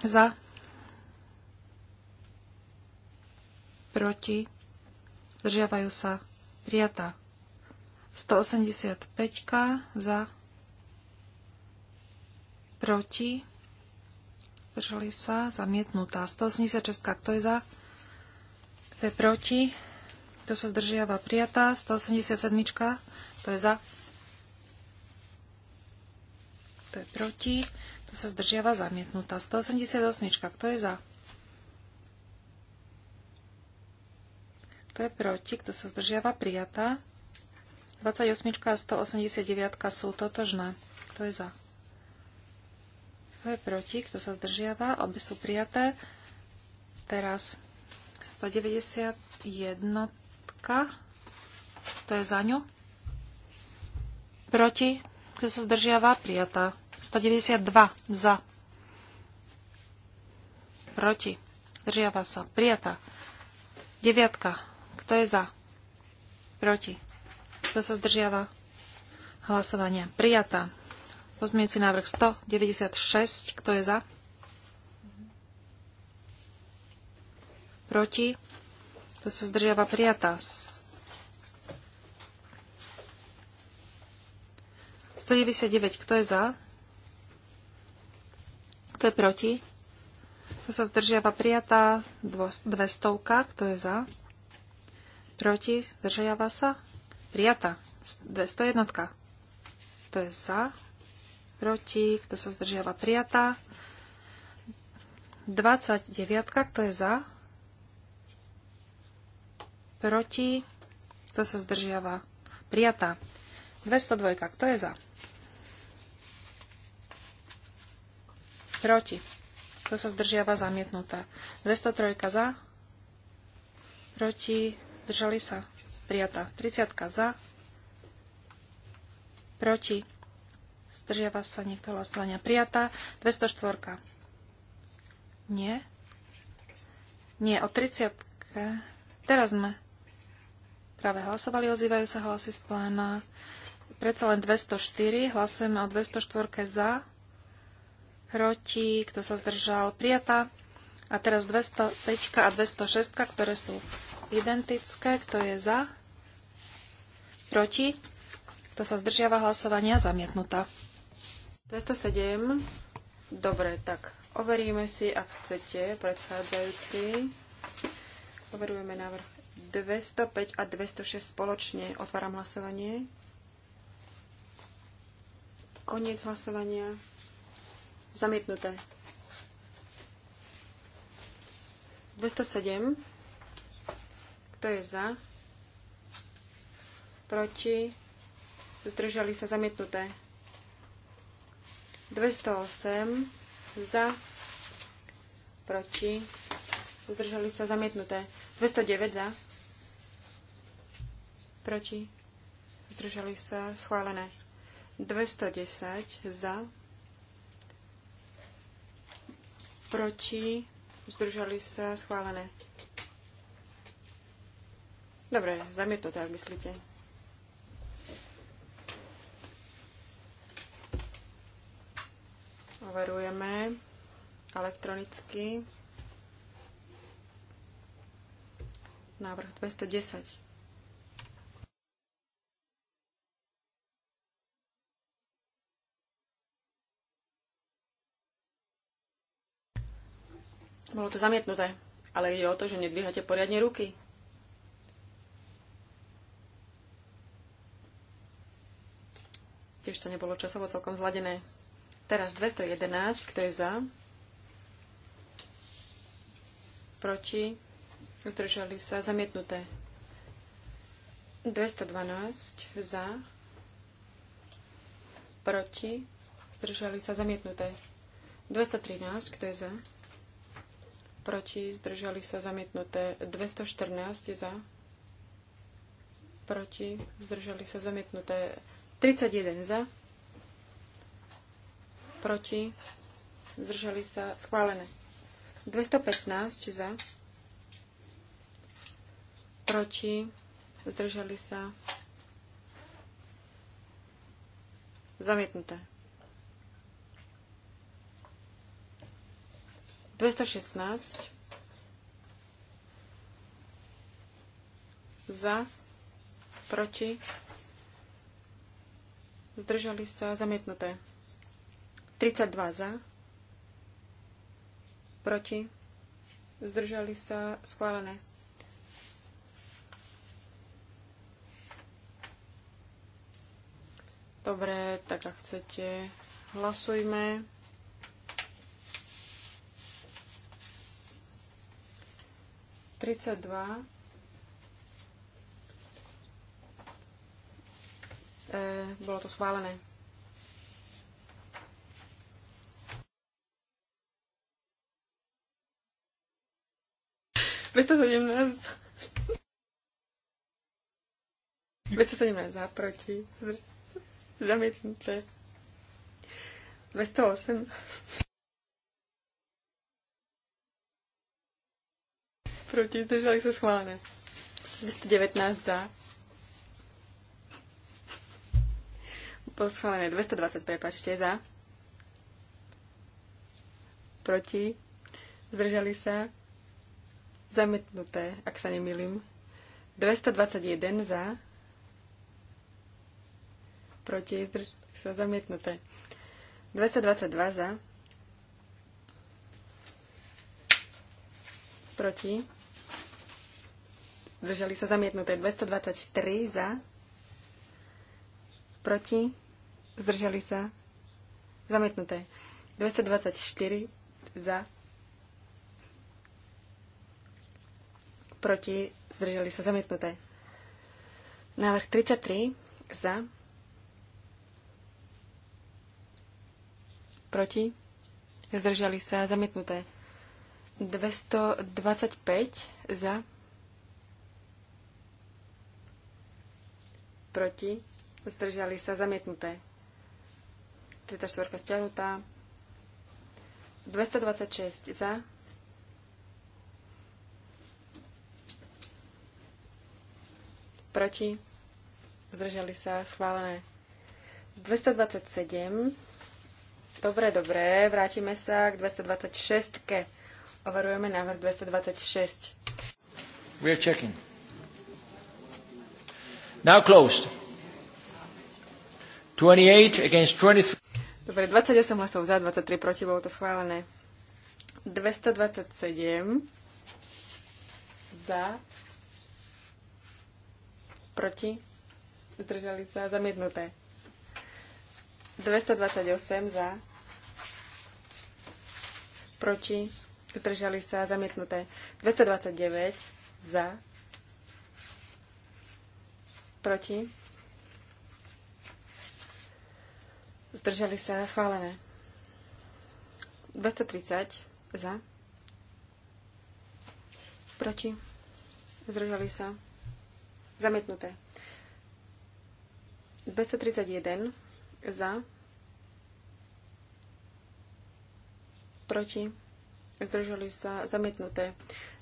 za, proti, zdržiavajú sa, prijatá. 185 za, proti, zdržali sa, zamietnutá. 186, kto je za, kto je proti, kto sa zdržiava? Prijatá. 187. To je za. To je proti. Kto sa zdržiava? Zamietnutá. 188. Kto je za? Kto je proti? Kto sa zdržiava? Prijatá. 28 a 189 sú totožné. Kto je za? Kto je proti? Kto sa zdržiava? Obe sú prijaté. Teraz 191 to je za ňu? Proti? Kto sa zdržiava? Prijatá. 192 za. Proti. Zdržiava sa. Prijatá. Deviatka. Kto je za? Proti. Kto sa zdržiava? Hlasovania. Prijatá. Pozmienci návrh 196. Kto je za? Proti. To sa zdržiava prijatá? 199. Kto je za? Kto je proti? Kto sa zdržiava prijatá? 200. Kto je za? Proti? Zdržiava sa? Prijatá. 201. Kto je za? Proti? Kto sa zdržiava prijatá? 29. Kto je za? proti, kto sa zdržiava, prijatá. 202, kto je za? Proti. Kto sa zdržiava, zamietnutá. 203 za. Proti. Zdržali sa. Prijatá. 30 za. Proti. Zdržiava sa niekto hlasovania. Prijatá. 204. Nie. Nie, o 30. Teraz sme práve hlasovali, ozývajú sa hlasy z pléna. Predsa len 204, hlasujeme o 204 za, proti, kto sa zdržal, prijatá. A teraz 205 a 206, ktoré sú identické, kto je za, proti, kto sa zdržiava hlasovania, zamietnutá.
207, dobre, tak overíme si, ak chcete, predchádzajúci. Overujeme návrh 205 a 206 spoločne. Otváram hlasovanie. Koniec hlasovania. Zamietnuté. 207. Kto je za? Proti? Zdržali sa zamietnuté. 208. Za? Proti? Zdržali sa zamietnuté. 209 za proti, zdržali sa, schválené. 210 za, proti, zdržali sa, schválené. Dobre, zamietnuté, ak myslíte. Overujeme elektronicky. Návrh 210. Bolo to zamietnuté. Ale ide o to, že nedvíhate poriadne ruky. Tiež to nebolo časovo celkom zladené. Teraz 211, kto je za? Proti? Zdržali sa zamietnuté. 212 za, proti, zdržali sa zamietnuté. 213, kto je za? proti, zdržali sa zamietnuté 214 za, proti, zdržali sa zamietnuté 31 za, proti, zdržali sa schválené 215 za, proti, zdržali sa zamietnuté 216 za, proti, zdržali sa, zamietnuté. 32 za, proti, zdržali sa, schválené. Dobre, tak ak chcete, hlasujme. 32 e, bolo to schválené. Dvesto sedemnásť za proti. Zamietnuté. 208. proti, držali sa schválené. 219 za. Bolo schválené 220, prepáčte, za. Proti, zdržali sa. Zametnuté, ak sa nemýlim. 221 za. Proti, zdržali sa. Zametnuté. 222 za. Proti. Zdržali sa zamietnuté 223 za. Proti. Zdržali sa. Zamietnuté. 224 za. Proti. Zdržali sa. Zamietnuté. Návrh 33 za. Proti. Zdržali sa. Zamietnuté. 225 za proti, zdržali sa zamietnuté. 34 stiahnutá. 226 za. Proti. Zdržali sa. Schválené. 227. Dobre, dobre. Vrátime sa k 226. Overujeme návrh 226.
We're checking. Now closed. 28 against 23.
Dobre, 28 hlasov za, 23 proti, bolo to schválené. 227 za, proti, zdržali sa, zamietnuté. 228 za, proti, zdržali sa, zamietnuté. 229 za, Proti? Zdržali sa. Schválené. 230 za. Proti? Zdržali sa. Zamietnuté. 231 za. Proti? Zdržali sa. Zamietnuté.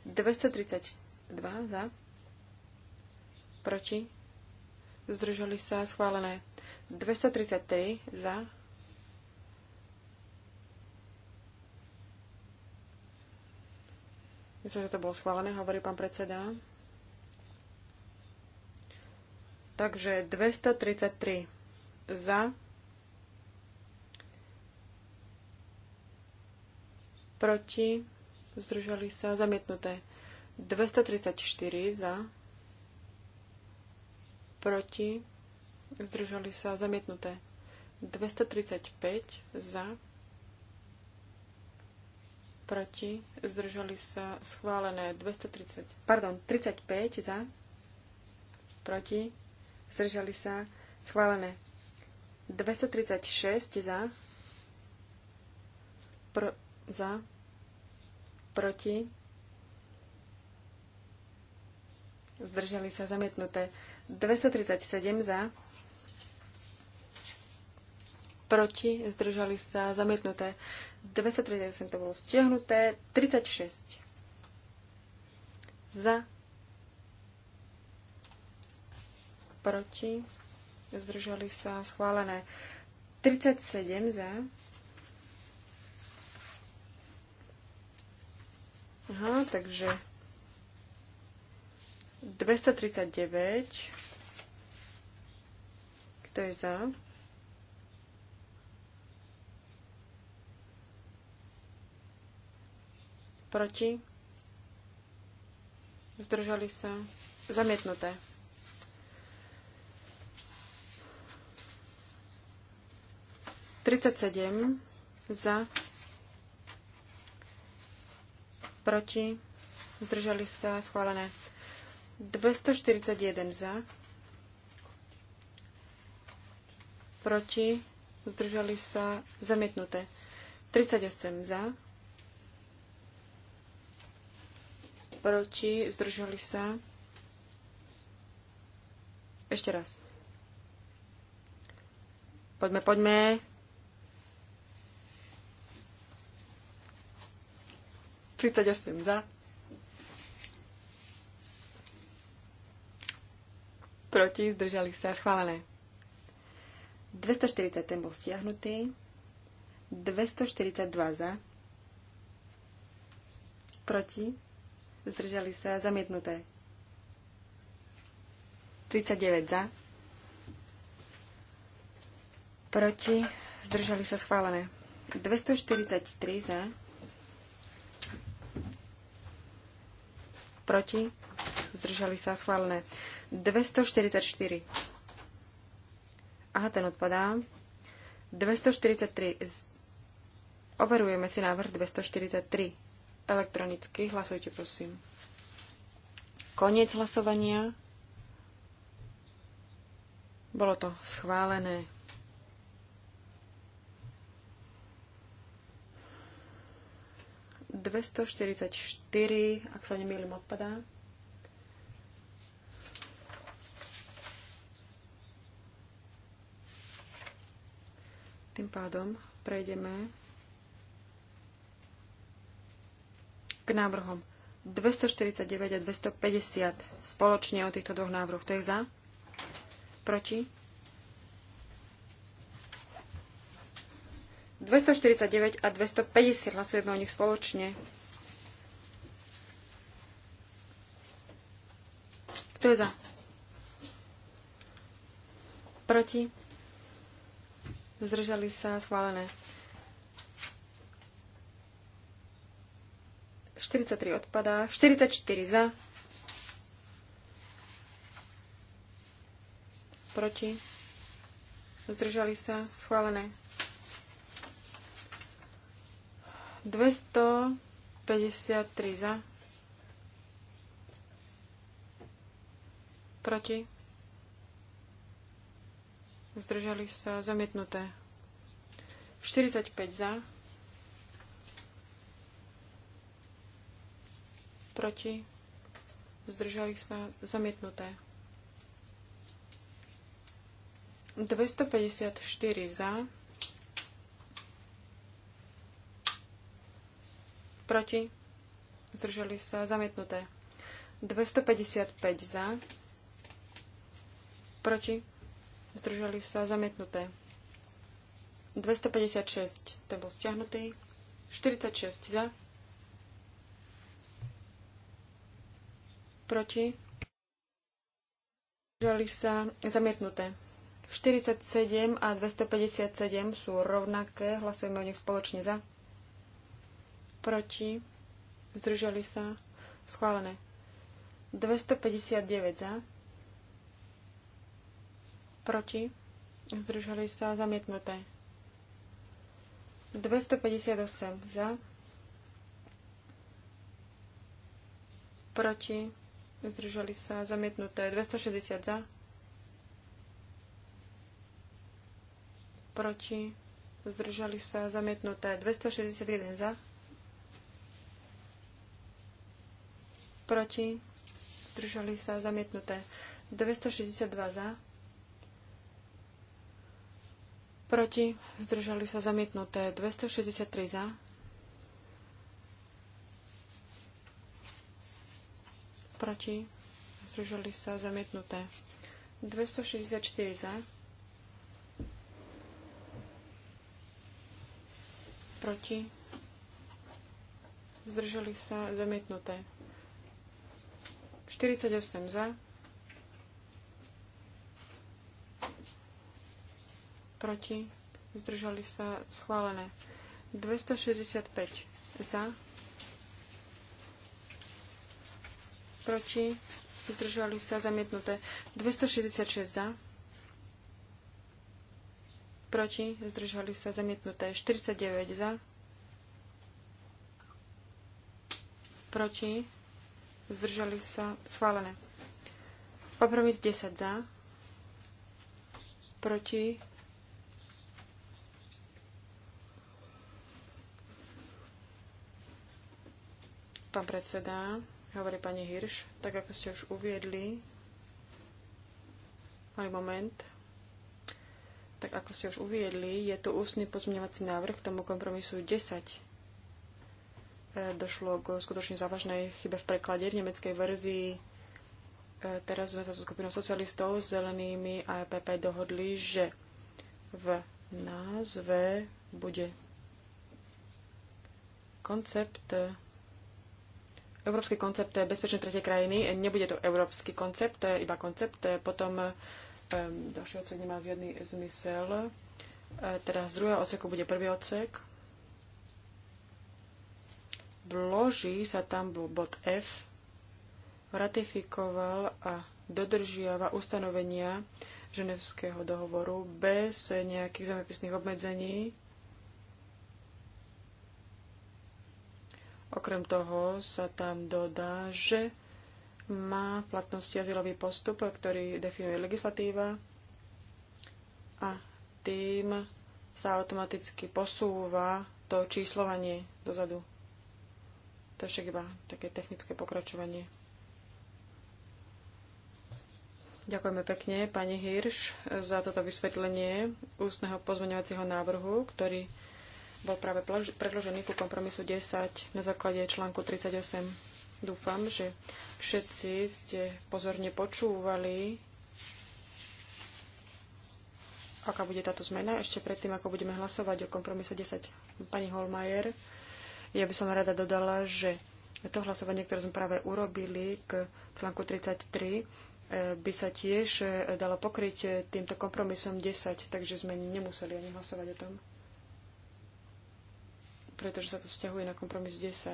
232 za. Proti? zdržali sa, schválené. 233 za, Myslím, že to bolo schválené, hovorí pán predseda. Takže 233 za, proti, zdržali sa, zamietnuté. 234 za, proti, zdržali sa zamietnuté. 235 za, proti, zdržali sa schválené 230, pardon, 35 za, proti, zdržali sa schválené 236 za, pro, za, proti, zdržali sa zamietnuté 237 za, proti, zdržali sa, zamietnuté. 238 to bolo stiahnuté, 36 za, proti, zdržali sa, schválené. 37 za, Aha, takže 239. Kto je za? Proti? Zdržali sa? Zamietnuté. Tridsať sedem za, proti, zdržali sa, schválené. 241 za, proti, zdržali sa, zamietnuté. 38 za, proti, zdržali sa. Ešte raz. Poďme, poďme. Tritaďa osem za. proti, zdržali sa, schválené. 240 ten bol stiahnutý. 242 za, proti, zdržali sa, zamietnuté. 39 za, proti, zdržali sa, schválené. 243 za, proti, zdržali sa, schválené. 244. Aha, ten odpadá. 243. Overujeme si návrh 243. Elektronicky. Hlasujte, prosím. Koniec hlasovania. Bolo to schválené. Dvestoštyridsaťštyri, ak sa nemýlim, odpadá. Tým pádom prejdeme k návrhom 249 a 250 spoločne o týchto dvoch návrhoch. To je za? Proti? 249 a 250 hlasujeme o nich spoločne. Kto je za? Proti? zdržali sa, schválené. 43 odpadá, 44 za, proti, zdržali sa, schválené. 253 za, proti, zdržali sa zamietnuté. 45 za, proti, zdržali sa zamietnuté. 254 za, proti, zdržali sa zamietnuté. 255 za, proti, zdržali sa zamietnuté. 256, to bol stiahnutý. 46 za. Proti. Zdržali sa zamietnuté. 47 a 257 sú rovnaké. Hlasujeme o nich spoločne za. Proti. Zdržali sa. Schválené. 259 za proti, zdržali sa zamietnuté. 258 za, proti, zdržali sa zamietnuté. 260 za, proti, zdržali sa zamietnuté. 261 za, proti, zdržali sa zamietnuté. 262 za, Proti zdržali sa zamietnuté 263 za. Proti zdržali sa zamietnuté 264 za. Proti zdržali sa zamietnuté 48 za. proti, zdržali sa schválené. 265 za, proti, zdržali sa zamietnuté. 266 za, proti, zdržali sa zamietnuté. 49 za, proti, zdržali sa schválené. Kompromis 10 za, proti, pán predseda, hovorí pani Hirš, tak ako ste už uviedli, malý moment, tak ako ste už uviedli, je tu ústny pozmeňovací návrh k tomu kompromisu 10. E, došlo k skutočne závažnej chybe v preklade v nemeckej verzii. E, teraz sme sa so skupinou socialistov, zelenými a EPP dohodli, že v názve bude koncept Európsky koncept bezpečnej tretej krajiny, nebude to európsky koncept, iba koncept, potom ďalší odsek nemá žiadny zmysel. E, Teraz z druhého odseku bude prvý odsek. Vloží sa tam bod F, ratifikoval a dodržiava ustanovenia Ženevského dohovoru bez nejakých zemepisných obmedzení Okrem toho sa tam dodá, že má platnosť azylový postup, ktorý definuje legislatíva a tým sa automaticky posúva to číslovanie dozadu. To je však iba také technické pokračovanie. Ďakujeme pekne, pani Hirš, za toto vysvetlenie ústneho pozmeňovacieho návrhu, ktorý bol práve predložený ku kompromisu 10 na základe článku 38. Dúfam, že všetci ste pozorne počúvali, aká bude táto zmena ešte predtým, ako budeme hlasovať o kompromise 10. Pani Holmajer, ja by som rada dodala, že to hlasovanie, ktoré sme práve urobili k článku 33, e, by sa tiež e, dalo pokryť e, týmto kompromisom 10, takže sme nemuseli ani hlasovať o tom pretože sa to vzťahuje na kompromis 10.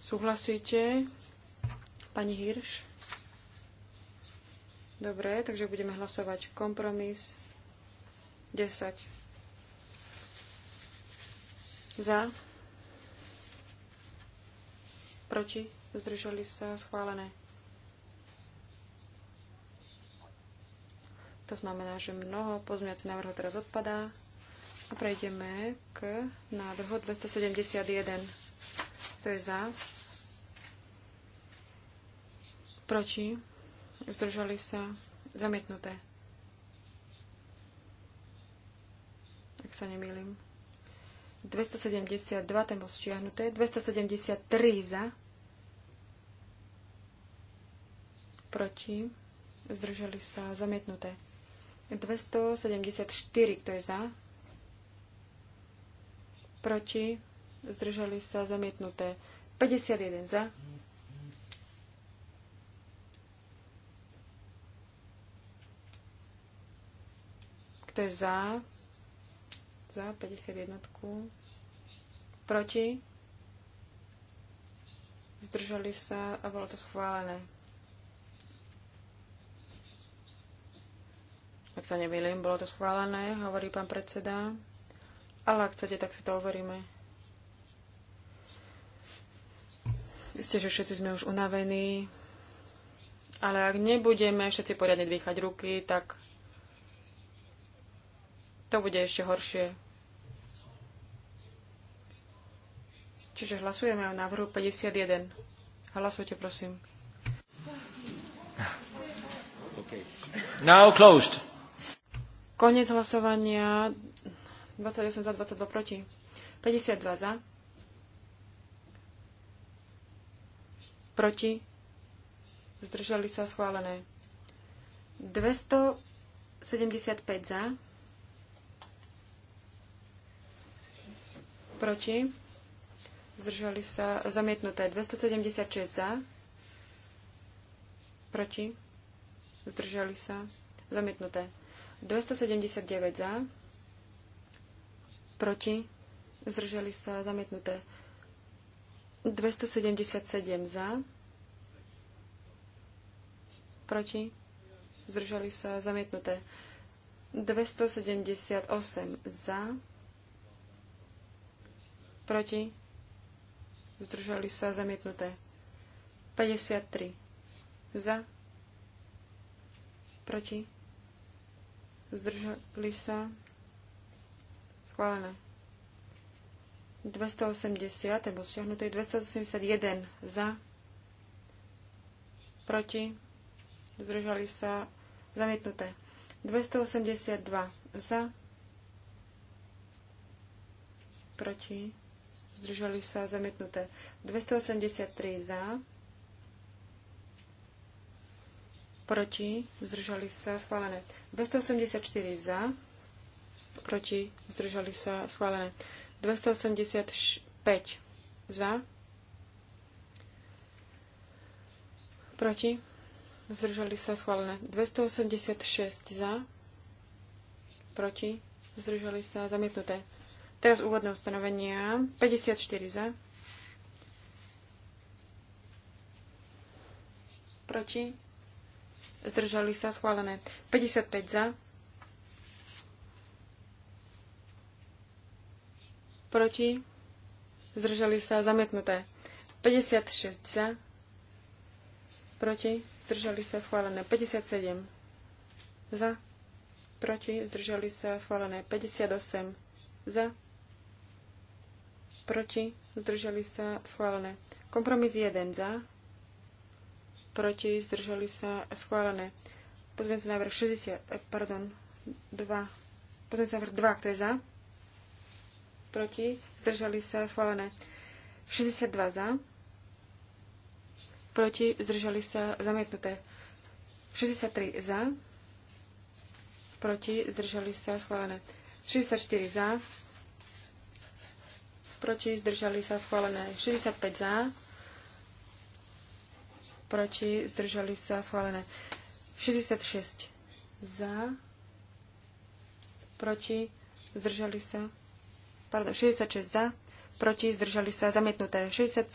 Súhlasíte, pani Hirš? Dobre, takže budeme hlasovať kompromis 10. Za. Proti. Zdržali sa. Schválené. To znamená, že mnoho pozmeňovacích návrhov teraz odpadá a prejdeme k návrhu 271. To je za? Proti? Zdržali sa? Zamietnuté. Ak sa nemýlim. 272, ten bol stiahnuté. 273 za. Proti? Zdržali sa? Zamietnuté. 274, kto je za? Proti? Zdržali sa zamietnuté. 51 za. Kto je za? Za 51. Proti? Zdržali sa a bolo to schválené. Ak sa nemýlim, bolo to schválené, hovorí pán predseda. Ale ak chcete, tak si to overíme. Isté, že všetci sme už unavení. Ale ak nebudeme všetci poriadne dvíchať ruky, tak to bude ešte horšie. Čiže hlasujeme o návrhu 51. Hlasujte, prosím.
Now closed.
Konec hlasovania 28 za 22 proti. 52 za. Proti. Zdržali sa schválené. 275 za. Proti. Zdržali sa zamietnuté. 276 za. Proti. Zdržali sa zamietnuté. 279 za, proti, zdržali sa zamietnuté 277 za, proti, zdržali sa zamietnuté 278 za, proti, zdržali sa zamietnuté 53 za, proti, zdržali sa, schválené. 280, ten bol stiahnutý, 281 za, proti, zdržali sa, zamietnuté. 282 za, proti, zdržali sa, zamietnuté. 283 za, proti, zdržali sa, schválené. 284 za, proti, zdržali sa, schválené. 285 za, proti, zdržali sa, schválené. 286 za, proti, zdržali sa, zamietnuté. Teraz úvodné ustanovenia. 54 za, proti, zdržali sa, schválené. 55 za, proti, zdržali sa, zamietnuté. 56 za, proti, zdržali sa, schválené. 57 za, proti, zdržali sa, schválené. 58 za, proti, zdržali sa, schválené. Kompromis 1 za, proti, zdržali sa schválené. sa návrh 60, eh, pardon, 2. sa návrh 2, kto je za? Proti, zdržali sa schválené. 62 za, proti, zdržali sa zamietnuté. 63 za, proti, zdržali sa schválené. 64 za, proti, zdržali sa schválené. 65 za, proti, zdržali sa, schválené. 66 za, proti, zdržali sa, pardon, 66 za, proti, zdržali sa, zamietnuté. 67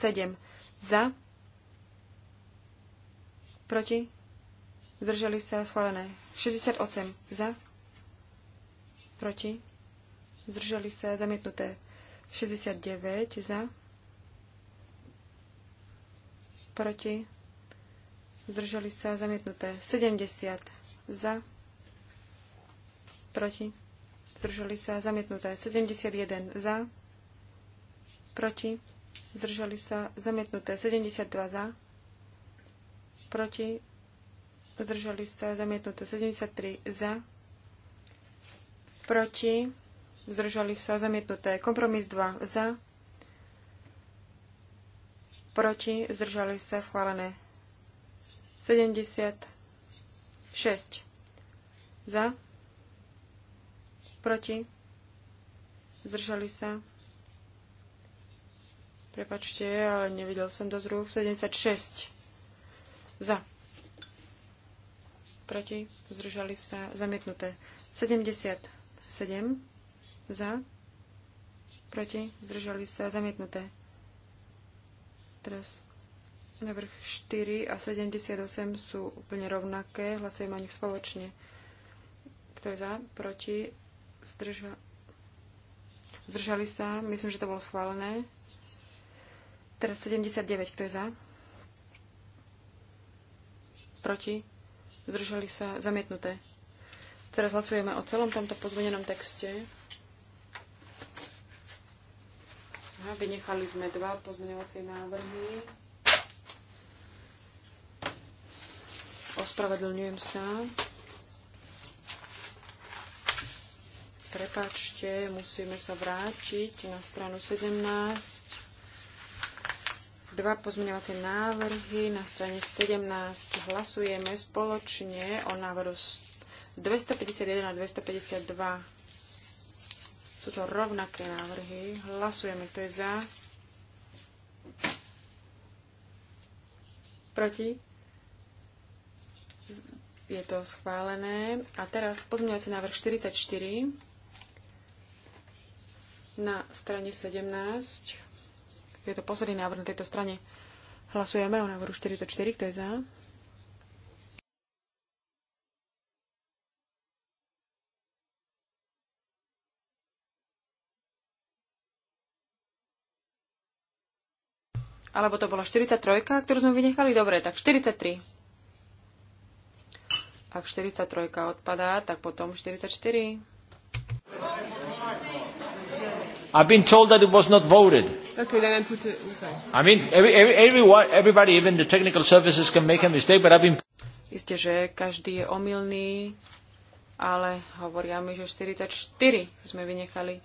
za, proti, zdržali sa, schválené. 68 za, proti, zdržali sa, zamietnuté. 69 za, proti, zdržali sa zamietnuté 70 za, proti, zdržali sa zamietnuté 71 za, proti, zdržali sa zamietnuté 72 za, proti, zdržali sa zamietnuté 73 za, proti, zdržali sa zamietnuté kompromis 2 za, proti, zdržali sa schválené 76 za, proti, zdržali sa. Prepačte, ale nevidel som dosť rúk. 76 za, proti, zdržali sa, zamietnuté. 77 za, proti, zdržali sa, zamietnuté. Teraz Návrh 4 a 78 sú úplne rovnaké. Hlasujeme o nich spoločne. Kto je za? Proti? Zdrža... Zdržali sa. Myslím, že to bolo schválené. Teraz 79. Kto je za? Proti? Zdržali sa. Zamietnuté. Teraz hlasujeme o celom tomto pozmenenom texte. Aha, vynechali sme dva pozmeňovacie návrhy. Ospravedlňujem sa. Prepačte, musíme sa vrátiť na stranu 17 dva pozmeňovacie návrhy na strane 17. Hlasujeme spoločne o návrhu 251 a 252. Sú to rovnaké návrhy. Hlasujeme, kto je za. Proti? je to schválené. A teraz pozmeňovací návrh 44 na strane 17. Je to posledný návrh na tejto strane. Hlasujeme o návrhu 44, kto je za. Alebo to bola 43, ktorú sme vynechali? Dobre, tak 43. Ak 403 odpadá, tak potom 44.
I've been told that it was not voted.
Okay, then I put it inside.
I mean, every, every, everyone, everybody, even the technical services can make a mistake, but I've been...
Isté, že každý je omylný, ale hovoria mi, že 44 sme vynechali.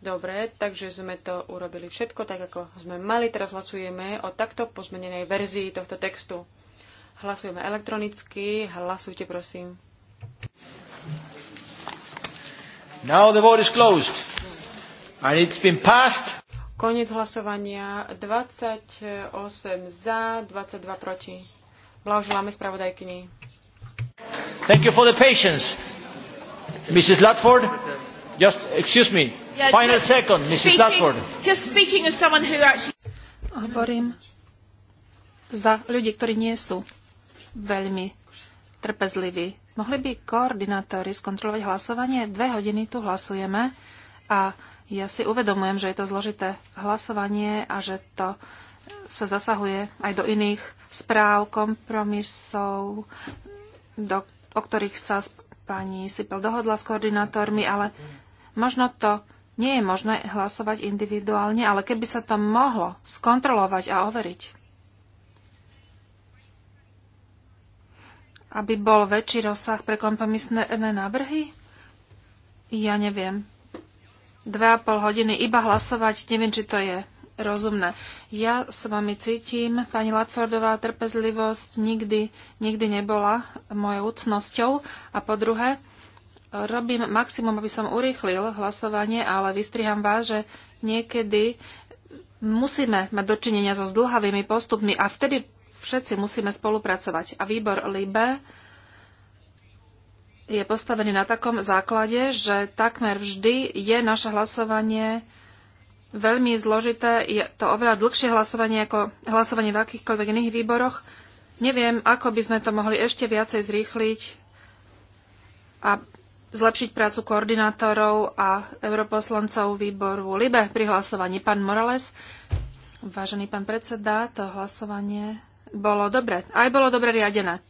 Dobre, takže sme to urobili všetko tak, ako sme mali. Teraz hlasujeme o takto pozmenenej verzii tohto textu. Hlasujeme elektronicky. Hlasujte, prosím.
Now the vote is closed. And it's been passed.
Koniec hlasovania. 28 za, 22 proti. Blahoželáme spravodajkyni.
Thank you for the patience. Mrs. Latford, just excuse me.
Yeah, Final second, Mrs. Speaking, Latford. Just speaking as someone who actually... Hovorím za ľudí, ktorí nie sú veľmi trpezliví. Mohli by koordinátori skontrolovať hlasovanie? Dve hodiny tu hlasujeme a ja si uvedomujem, že je to zložité hlasovanie a že to sa zasahuje aj do iných správ, kompromisov, do, o ktorých sa pani Sipel dohodla s koordinátormi, ale možno to nie je možné hlasovať individuálne, ale keby sa to mohlo skontrolovať a overiť. aby bol väčší rozsah pre kompromisné návrhy? Ja neviem. Dve a pol hodiny iba hlasovať, neviem, či to je rozumné. Ja s vami cítim, pani Latfordová, trpezlivosť nikdy, nikdy nebola mojou úcnosťou. A po druhé, robím maximum, aby som urýchlil hlasovanie, ale vystriham vás, že niekedy musíme mať dočinenia so zdlhavými postupmi a vtedy všetci musíme spolupracovať. A výbor LIBE je postavený na takom základe, že takmer vždy je naše hlasovanie veľmi zložité. Je to oveľa dlhšie hlasovanie ako hlasovanie v akýchkoľvek iných výboroch. Neviem, ako by sme to mohli ešte viacej zrýchliť a zlepšiť prácu koordinátorov a europoslancov výboru LIBE pri hlasovaní. Pán Morales, vážený pán predseda, to hlasovanie bolo dobre. Aj bolo dobre riadené.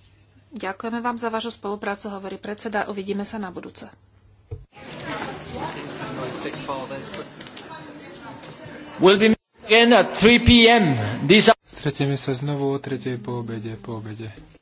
Ďakujeme vám za vašu spoluprácu, hovorí predseda. Uvidíme sa na budúce.
Stretieme sa znovu o tretej po obede. Po obede.